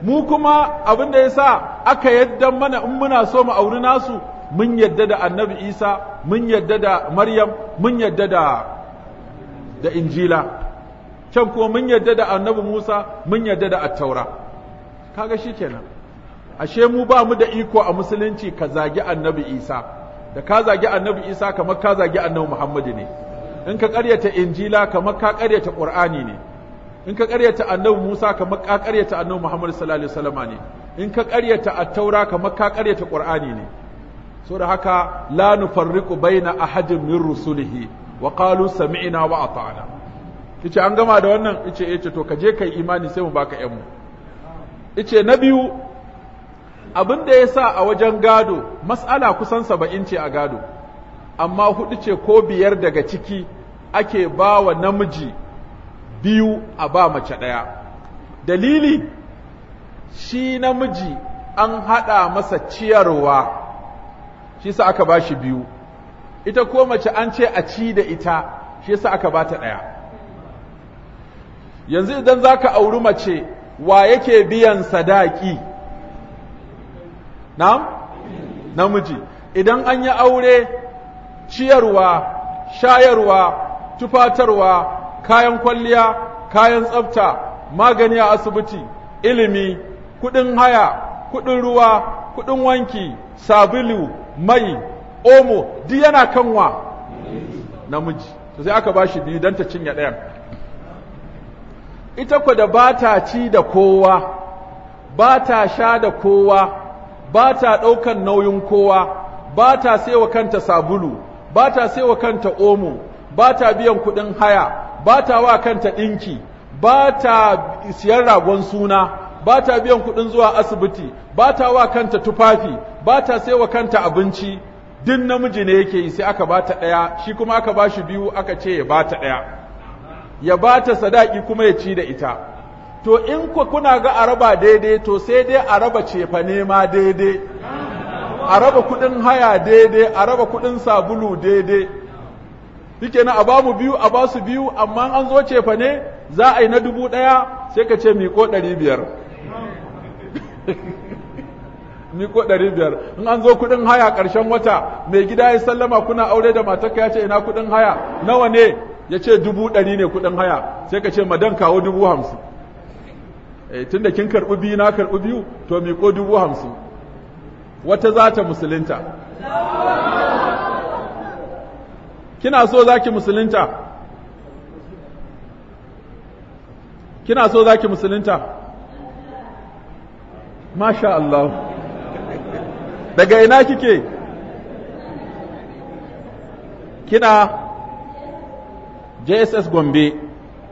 Speaker 1: mu kuma abin da ya sa aka yadda mana in muna so mu auri nasu mun yadda da annabi isa mun yadda da maryam mun yadda da da injila can kuma mun yadda da annabi musa mun yadda da attaura kaga shikenan ashe mu ba mu da iko a musulunci ka zagi annabi isa da ka zagi annabi isa kamar ka zagi annabi muhammadu ne in ka karyata injila kamar ka karyata qur'ani ne in ka ƙaryata annabi Musa kamar ka ƙaryata annabi Muhammad sallallahu alaihi wasallam ne in ka ƙaryata at-taura kamar ka ƙaryata Qur'ani ne saboda haka la nufarriqu baina ahadin min rusulihi wa qalu sami'na wa ata'na yace an gama da wannan yace eh, yace to ka je kai imani sai mu baka yan mu yace na biyu abin da yasa a wajen gado mas'ala kusan 70 ce a gado amma hudu ce ko biyar daga ciki ake ba wa namiji biyu a ba mace ɗaya dalili shi namiji an haɗa masa ciyarwa shi sa aka ba shi biyu ita ko mace an ce a ci da ita shi sa aka ba ta ɗaya yanzu idan za ka auri mace wa yake biyan sadaki na'am namiji idan an yi aure ciyarwa shayarwa tufatarwa kayan kwalliya kayan tsafta magani a asibiti ilimi kuɗin haya kuɗin ruwa kuɗin wanki sabulu mai omo di yana kanwa namiji to sai aka shi biyu don ta cinye ɗayan ita ku da ba ta ci da kowa ba ta sha da kowa ba ta ɗaukan nauyin kowa ba ta saiwa kanta sabulu ba ta saiwa kanta omo ba ta biyan kuɗin haya ba ta wa kanta ɗinki ba ta siyan ragon suna ba ta biyan kuɗin zuwa asibiti ba ta wa kanta tufafi ba ta sai wa kanta abinci duk namiji ne yake yi sai aka ba ta ɗaya shi kuma aka ba shi biyu aka ce ya ba ta ɗaya ya ba ta sadaki kuma ya ci da ita to in ku kuna ga raba daidai to sai dai araba cefane ma daidai a raba kuɗin haya daidai a raba kuɗin sabulu daidai shike na a bamu biyu a ba su biyu amma an zo cefa ne za a yi na dubu ɗaya sai ka ce miko ɗari biyar miko ɗari biyar in an zo kuɗin haya ƙarshen wata mai gida ya sallama kuna aure da matarka ya ce ina kuɗin haya nawa ne ya ce dubu ɗari ne kuɗin haya sai ka ce madan kawo dubu hamsin eh, tun da kin karɓi biyu na karɓi biyu to miko dubu hamsin wata za ta musulunta kina so zaki musulunta kina so zaki musulunta masha Allah daga ina kike kina JSS Gombe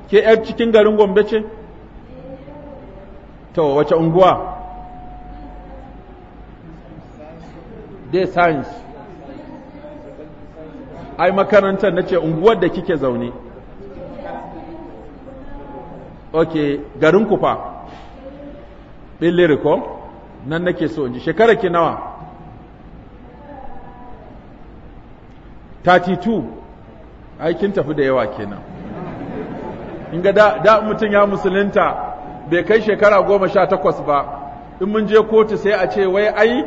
Speaker 1: ke yar cikin garin Gombe ce to wace unguwa dai science
Speaker 2: ai makarantar
Speaker 1: na ce unguwar da kike zaune ok garin kufa lirikon nan nake so in ji shekara ke nawa 32 aikin tafi da yawa kenan in ga da mutum ya musulunta bai kai shekara goma sha takwas ba in mun je kotu sai a ce wai ai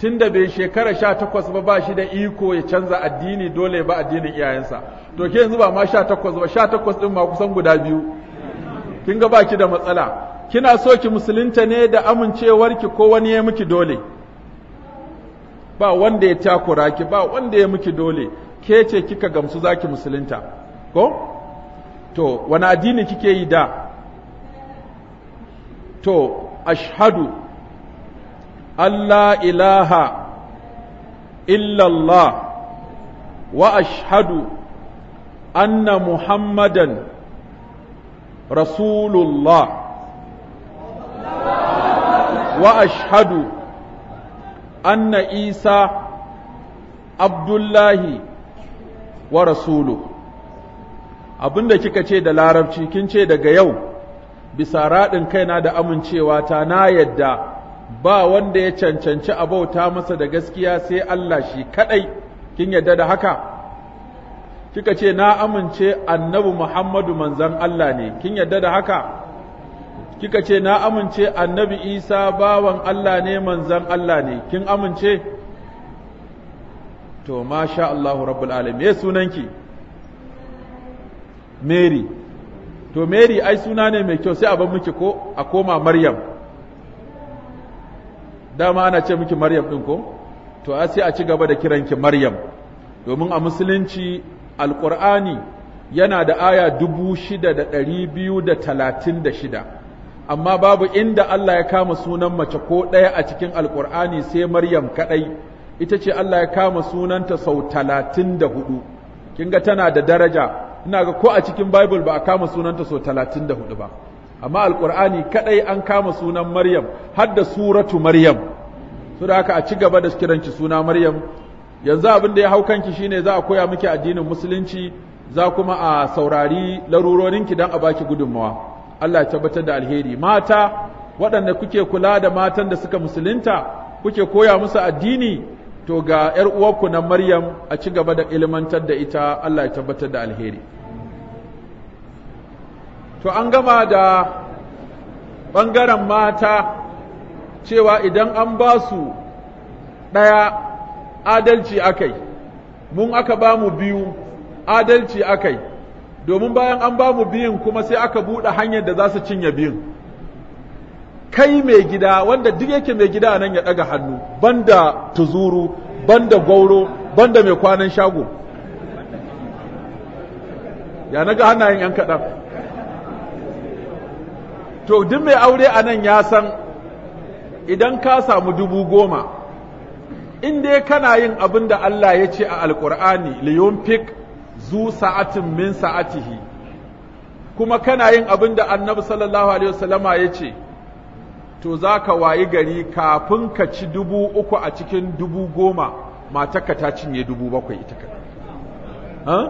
Speaker 1: tun da bai shekara sha takwas ba ba shi da iko ya canza addini dole ba addinin iyayensa to ke yanzu ba ma sha takwas ba sha takwas ɗin ma kusan guda biyu kin ga baki da matsala kina so ki musulunta ne da amincewarki ko wani ya miki dole ba wanda ya takura ki ba wanda ya miki dole ke ce kika gamsu zaki musulunta ko to wani addini kike yi da to ashhadu Allah ilaha illallah wa ashhadu anna Muhammadan rasulullah wa ashhadu anna Isa Abdullahi wa rasuluhu abinda kika ce da larabci kin ce daga yau bisa raɗin kaina da amincewa ta na yadda ba wanda ya cancanci a bauta masa da gaskiya sai Allah shi kadai kin yadda da haka kika ce na amince annabi Muhammadu manzon Allah ne kin yadda da haka kika ce na amince annabi Isa bawan Allah ne manzon Allah ne kin amince to masha Allah rabbul alamin me sunanki Mary to Mary ai suna ne mai kyau sai a bar miki ko a koma Maryam dama ana ce miki maryam ɗin ko to a sai a ci gaba da kiranki maryam domin a musulunci alƙur'ani yana da aya dubu shida da ɗari biyu da talatin da shida amma babu inda Allah ya kama sunan mace ko ɗaya a cikin alƙur'ani sai maryam kaɗai ita ce Allah ya kama sunanta sau talatin da hudu kin tana da daraja ina ga ko a cikin bible ba a kama sunanta sau talatin da hudu ba amma alkur'ani kadai an kama sunan maryam har da suratu maryam su da haka a ci gaba da kiranci suna maryam yanzu abin da ya haukanki shine za a koya miki addinin musulunci za kuma a saurari larurorinki dan a baki gudunmawa Allah ya tabbatar da alheri mata waɗanda kuke kula da matan da suka musulunta kuke koya musu addini to ga 'yar uwarku na maryam a ci gaba da ilmantar da ita Allah ya tabbatar da alheri to an gama da ɓangaren mata cewa idan an ba su ɗaya adalci akai mun aka ba mu biyu adalci akai domin bayan an ba mu biyun kuma sai aka buɗe hanyar da za su cinye biyun kai mai gida wanda duk yake mai gida nan ya ɗaga hannu banda tuzuru banda gwauro banda mai kwanan shago ya naga hannayen yan kaɗan to duk mai aure a nan ya san idan ka samu dubu goma in dai kana yin abin da Allah ya ce a alkur'ani liyunfik zu sa'atin min sa'atihi kuma kana yin abin da annabi sallallahu alaihi wasallama ya ce to za ka wayi gari kafin ka ci dubu uku a cikin dubu goma matarka ta cinye dubu bakwai ita kaɗai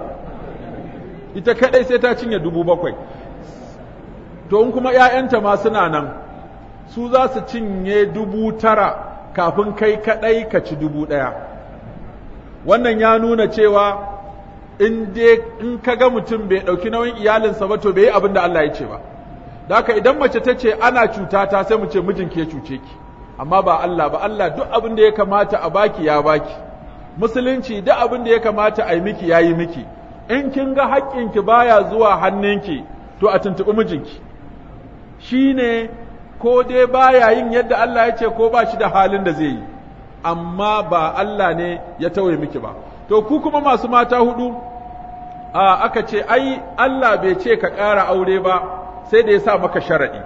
Speaker 1: ita kaɗai sai ta cinye dubu bakwai to in kuma ‘ya'yanta ma suna nan su za su cinye dubu tara kafin kai kaɗai ka ci dubu ɗaya wannan ya nuna cewa in in ka ga mutum bai ɗauki nauyin iyalinsa ba to bai yi abin da Allah ya ce ba da haka idan mace ta ce ana cuta ta sai mu ce mijinki ya cuce ki amma ba Allah ba Allah duk abin da ya kamata a baki ya baki musulunci duk abin da ya kamata a yi miki ya yi miki in kin ga haƙƙinki baya zuwa hannunki to a tuntuɓi mijinki Shi ne ko dai baya yin yadda Allah ya ce ko ba shi da halin da zai yi amma ba Allah ne ya tauye miki ba to ku kuma masu mata hudu a aka ce ai Allah bai ce ka ƙara aure ba sai da ya sa maka sharaɗi.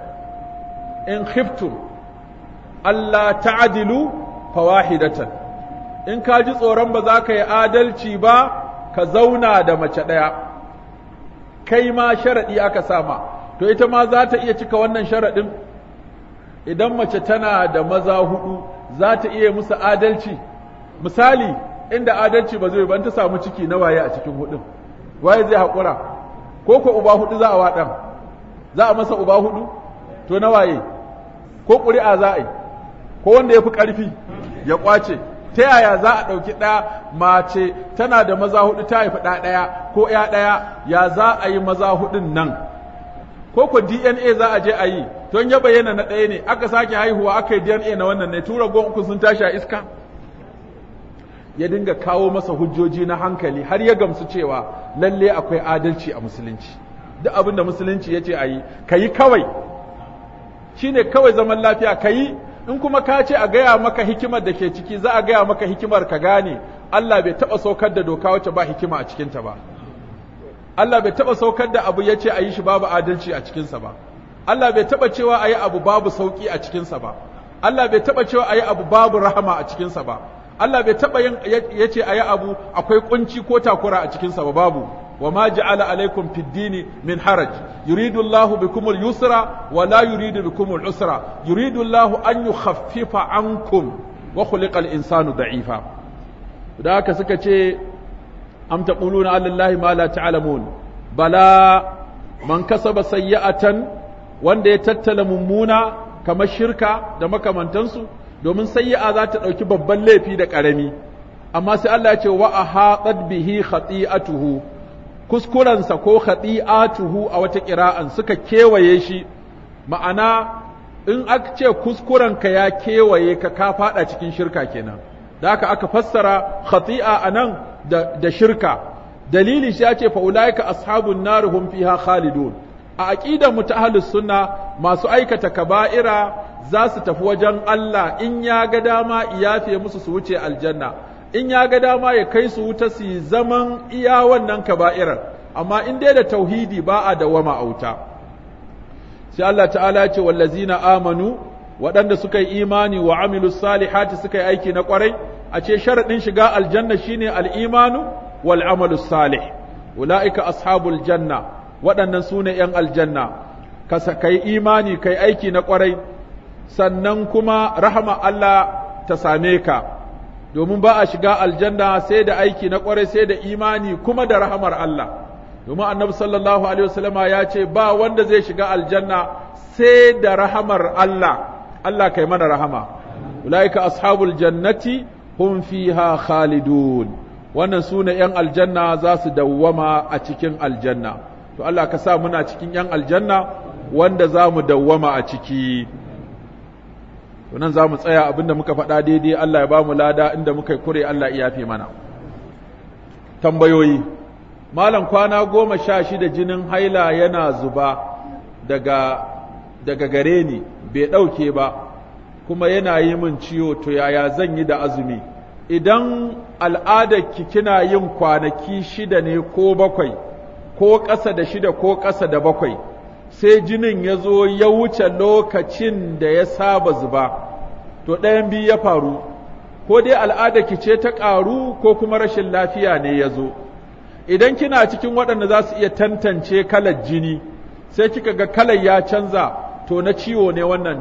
Speaker 1: in khiftum Allah ta'dilu fawahidatan in ka ji tsoron ba za ka yi adalci ba ka zauna da mace ɗaya kai ma sharaɗi aka sama to ita ma za ta iya cika wannan sharaɗin idan mace tana da maza hudu za ta iya musu adalci misali inda adalci ba zai ban ta samu ciki na waye a cikin hudun waye zai haƙura ko ko uba hudu za a waɗan za a masa uba hudu to na waye ko ƙuri'a za a yi ko wanda ya fi ƙarfi ya ƙwace ta yaya za a ɗauki ɗaya mace tana da maza hudu ta haifi ɗaya ko ya ɗaya ya za a yi maza hudun nan ko ko DNA za a je a yi don ya bayyana na ɗaya ne aka sake haihuwa aka yi DNA na wannan ne tura gon uku sun tashi a iska ya dinga kawo masa hujjoji na hankali har ya gamsu cewa lalle akwai adalci a musulunci duk abin da musulunci ya ce a yi ka yi kawai Shi ne kawai zaman lafiya ka yi in kuma ka ce a gaya maka hikimar da ke ciki za a gaya maka hikimar ka gane Allah bai taɓa saukar da doka wacce ba hikima a cikinta ba Allah bai taɓa saukar da abu ya ce a yi shi babu adalci a cikinsa ba Allah bai taɓa cewa a yi abu babu sauƙi a cikinsa ba Allah bai taɓa cewa a abu babu rahama a cikinsa ba Allah bai taɓa yin ya ce a abu akwai ƙunci ko takura a cikinsa ba babu wa ma ja'ala alaikum fid dini min haraj yuridu Allahu bikumul yusra wa la yuridu bikumul usra yuridu Allahu an yukhaffifa ankum wa khuliqal insanu da'ifa da haka suka ce am taquluna ala allahi ma la ta'lamun bala man kasaba sayyatan wanda ya tattala mummuna kamar shirka da makamantansu domin sayya'a za ta ɗauki babban laifi da karami amma sai Allah ya ce wa ahatat bihi khati'atuhu kuskurensa ko khati'atuhu a wata ƙira'an suka kewaye shi ma'ana in aka ce ka ya kewaye ka ka faɗa cikin shirka kenan da haka aka fassara khati'a anan da shirka dalili shi ya ce fa ulaika ashabun naruhun fiha khalidun a aqidar mu ta ahlus sunna masu aikata kaba'ira za su tafi wajen Allah in ya ga dama iyafe musu su wuce aljanna in ya ga dama ya kai su wuta su zaman iya wannan kaba'irar amma in dai da tauhidi ba a dawama auta sai Allah ta'ala ce wallazina amanu waɗanda suka yi imani wa amilus salihati suka yi aiki na kwarai. a ce sharaɗin shiga aljanna shine al'imanu wal amalu salih ula'ika ashabul janna waɗannan su ne ‘yan aljanna ka yi imani kai aiki na ƙwarai sannan kuma rahama Allah ta same ka domin ba a shiga aljanna sai da aiki na ƙwarai sai da imani kuma da rahamar Allah domin annabi sallallahu alaihi ya ce ba wanda zai shiga aljanna sai da rahamar Allah Allah kai mana rahama ulaika ashabul jannati hum fiha khalidun wannan sune yan aljanna za su dawwama a cikin aljanna to Allah ka sa muna cikin yan aljanna wanda za mu dawwama a ciki to nan za mu tsaya abinda muka faɗa daidai Allah ya ba mu lada inda muka yi kure Allah ya yafe mana tambayoyi malam kwana goma sha shida jinin haila yana zuba daga gare ni bai ɗauke ba kuma yana yi min ciwo to yaya zan yi da azumi idan al'adarki kina yin kwanaki shida ne ko bakwai ko ƙasa da shida ko ƙasa da bakwai sai jinin ya zo ya wuce lokacin da ya saba zuba to ɗayan biyu ya faru ko dai al'adarki ce ta ƙaru ko kuma rashin lafiya ne ya zo idan kina cikin waɗanda za su iya tantance kalar jini sai kika ga kalar ya canza to na ciwo ne wannan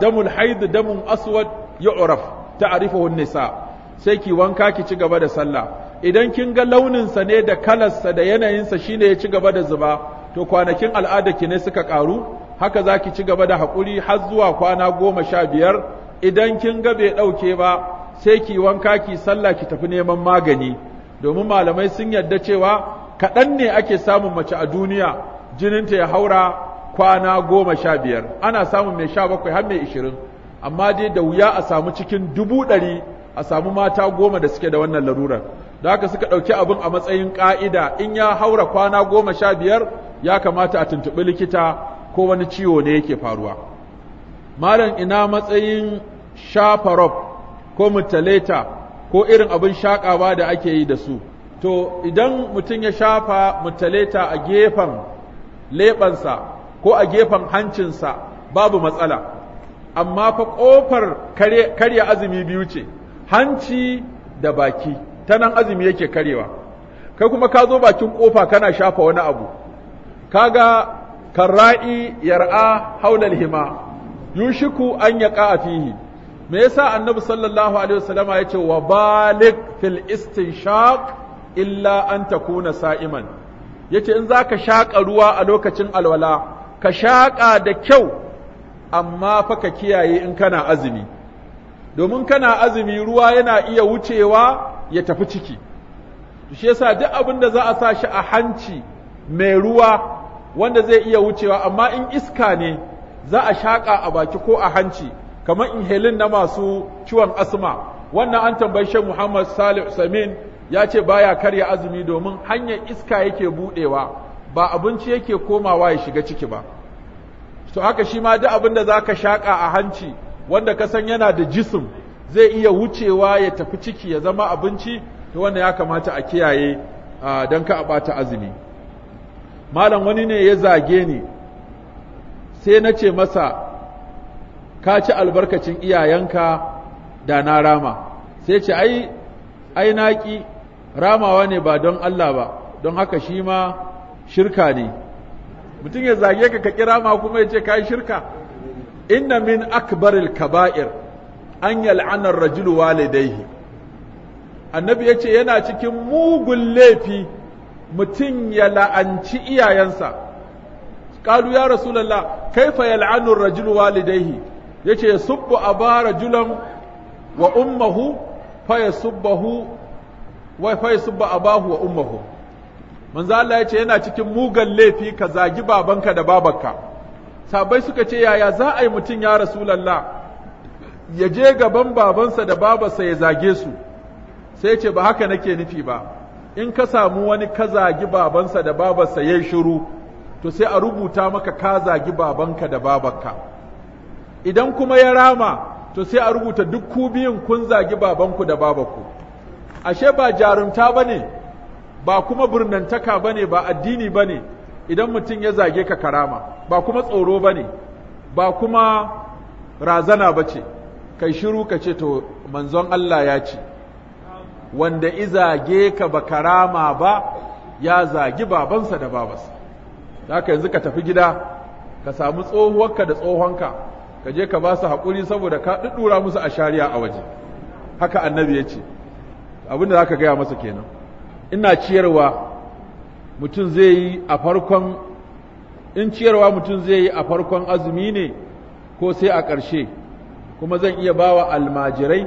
Speaker 1: damul haid damun aswad yu'raf ta'rifuhu nisa sai ki wanka ki ci gaba da sallah idan kin ga launin sa ne da kalarsa da yanayin sa shine ya ci gaba da zuba to kwanakin al'ada ki ne suka karu haka zaki ci gaba da hakuri har zuwa kwana goma sha biyar idan kin ga bai dauke ba sai ki wanka ki sallah ki tafi neman magani domin malamai sun yarda cewa kaɗan ne ake samun mace a duniya jininta ya haura kwana goma sha biyar ana samun mai sha bakwai har mai ishirin amma dai da wuya a samu cikin dubu ɗari a samu mata goma da suke da wannan larurar da haka suka ɗauki abin a matsayin ƙa'ida in ya haura kwana goma sha biyar ya kamata a tuntuɓi likita ko wani ciwo ne yake faruwa malam ina matsayin shafa ko mutaleta ko irin abin shaƙawa da ake yi da su to idan mutum ya shafa mutaleta a gefen leɓansa ko a gefen hancinsa babu matsala amma fa ƙofar karya azumi biyu ce hanci da baki ta nan azumi yake karewa kai kuma ka zo bakin ƙofa kana shafa wani abu kaga karra'i yar'a haulal hima yushiku an yaqa fihi me yasa annabi sallallahu alaihi wasallama yace wa balik fil istinshaq illa an takuna sa'iman yace in zaka shaƙa ruwa a lokacin alwala ka shaƙa da kyau amma fa ka kiyaye in kana azumi domin kana azumi ruwa yana iya wucewa ya tafi ciki shi yasa duk abin da za a sa shi a hanci mai ruwa wanda zai iya wucewa amma in iska ne za a shaƙa a baki ko a hanci kamar inhalin na masu ciwon asma wannan an tambayi shi Muhammad Salih Samin ya ce baya karya azumi domin hanyar iska yake budewa ba abinci yake komawa ya shiga ciki ba to haka shi ma duk abin da za ka shaƙa a hanci wanda ka san yana da jisim zai iya wucewa ya tafi ciki ya zama abinci to wanda ya kamata a kiyaye don ka a azumi malam wani ne ya zage ni sai na ce masa ka ci albarkacin iyayenka da na rama sai ce ai ai naki ramawa ne ba don Allah ba don haka shi ma shirka ne mutum ya zage ka ka kira ma kuma ya ce ka yi shirka inna min akbaril kaba'ir an yal'anar rajulu walidaihi annabi ya ce yana cikin mugun laifi mutum ya la'anci iyayensa ƙalu ya rasulallah kaifa yal'anur rajulu walidaihi yace yasubbu aba rajulan wa ummahu fa yasubbahu wa fa yasubbu abahu wa ummahu manzo Allah ya ce yana cikin mugan laifi ka zagi babanka da babarka sabai suka ce yaya za a yi mutum ya rasulullah ya je gaban babansa da babarsa ya zage su sai ce ba haka nake nufi ba in ka samu wani ka zagi babansa da babarsa yi shiru to sai a rubuta maka ka zagi babanka da babarka idan kuma ya rama to sai a rubuta duk ku biyun kun zagi babanku da babarku ashe ba jarumta bane ba kuma burnantaka ne ba addini ba ne idan mutum ya zage ka karama ba kuma tsoro ba ne, ba kuma razana ba ce, kai shiru ka ce to manzon Allah ya ce wanda izage ka ba karama ba ya zagi babansa da za ka yanzu ka tafi gida ka samu tsohuwarka da tsohonka ka je ka ba su haƙuri saboda ka ɗuɗɗura musu a shari'a a waje haka annabi ya ce abinda za ka gaya masa kenan ina ciyarwa mutum zai yi a farkon in ciyarwa mutum zai yi a farkon azumi ne ko sai a ƙarshe kuma zan iya bawa almajirai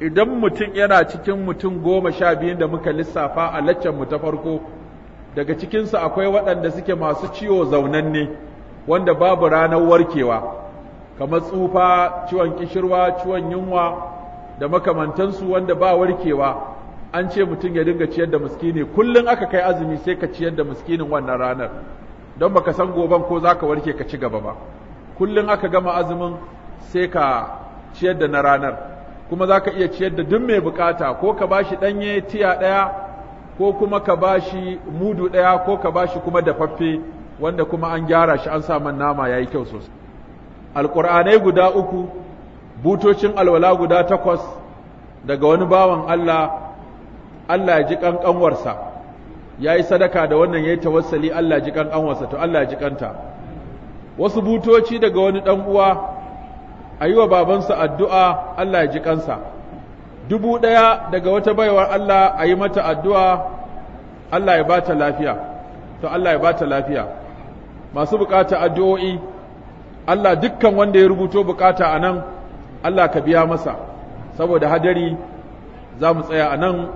Speaker 1: idan mutum yana cikin mutum goma sha biyun da muka lissafa a laccanmu ta farko daga cikinsu akwai waɗanda suke masu ciwo zaunanne wanda babu ranar warkewa kamar tsufa ciwon kishirwa ciwon yunwa da makamantansu wanda ba warkewa an ce mutum ya dinga ciyar da miskini kullum aka kai azumi sai ka ciyar da miskinin wannan ranar don baka san goban ko za ka warke ka ci gaba ba kullum aka gama azumin sai ka ciyar da na ranar kuma za ka iya ciyar da duk mai bukata ko ka bashi ɗanye tiya ɗaya, ko kuma ka bashi mudu ɗaya, ko ka bashi kuma dafaffe wanda kuma an gyara shi an sa man nama yayi kyau sosai alqur'anai guda uku butocin alwala guda takwas daga wani bawan Allah Allah ya ji kan kanwarsa yayi sadaka da wannan yayi tawassali Allah ya ji kan kanwarsa to Allah ya ji kanta wasu butoci daga wani dan uwa ayiwa wa babansa addu'a Allah ya ji kansa dubu daya daga wata baiwar Allah ayi mata addu'a Allah ya bata lafiya to Allah ya bata lafiya masu bukata addu'o'i Allah dukkan wanda ya rubuto bukata nan Allah ka biya masa saboda hadari za mu tsaya anan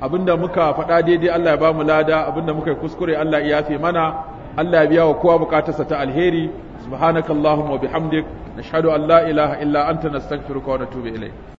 Speaker 1: abinda muka faɗa daidai Allah ya ba mu lada abinda muka yi kuskure Allah ya yafe mana Allah ya biya wa kowa bukatarsa ta alheri subhanakallahumma wa bihamdik nashhadu an la ilaha illa anta nastaghfiruka wa natubu ilayk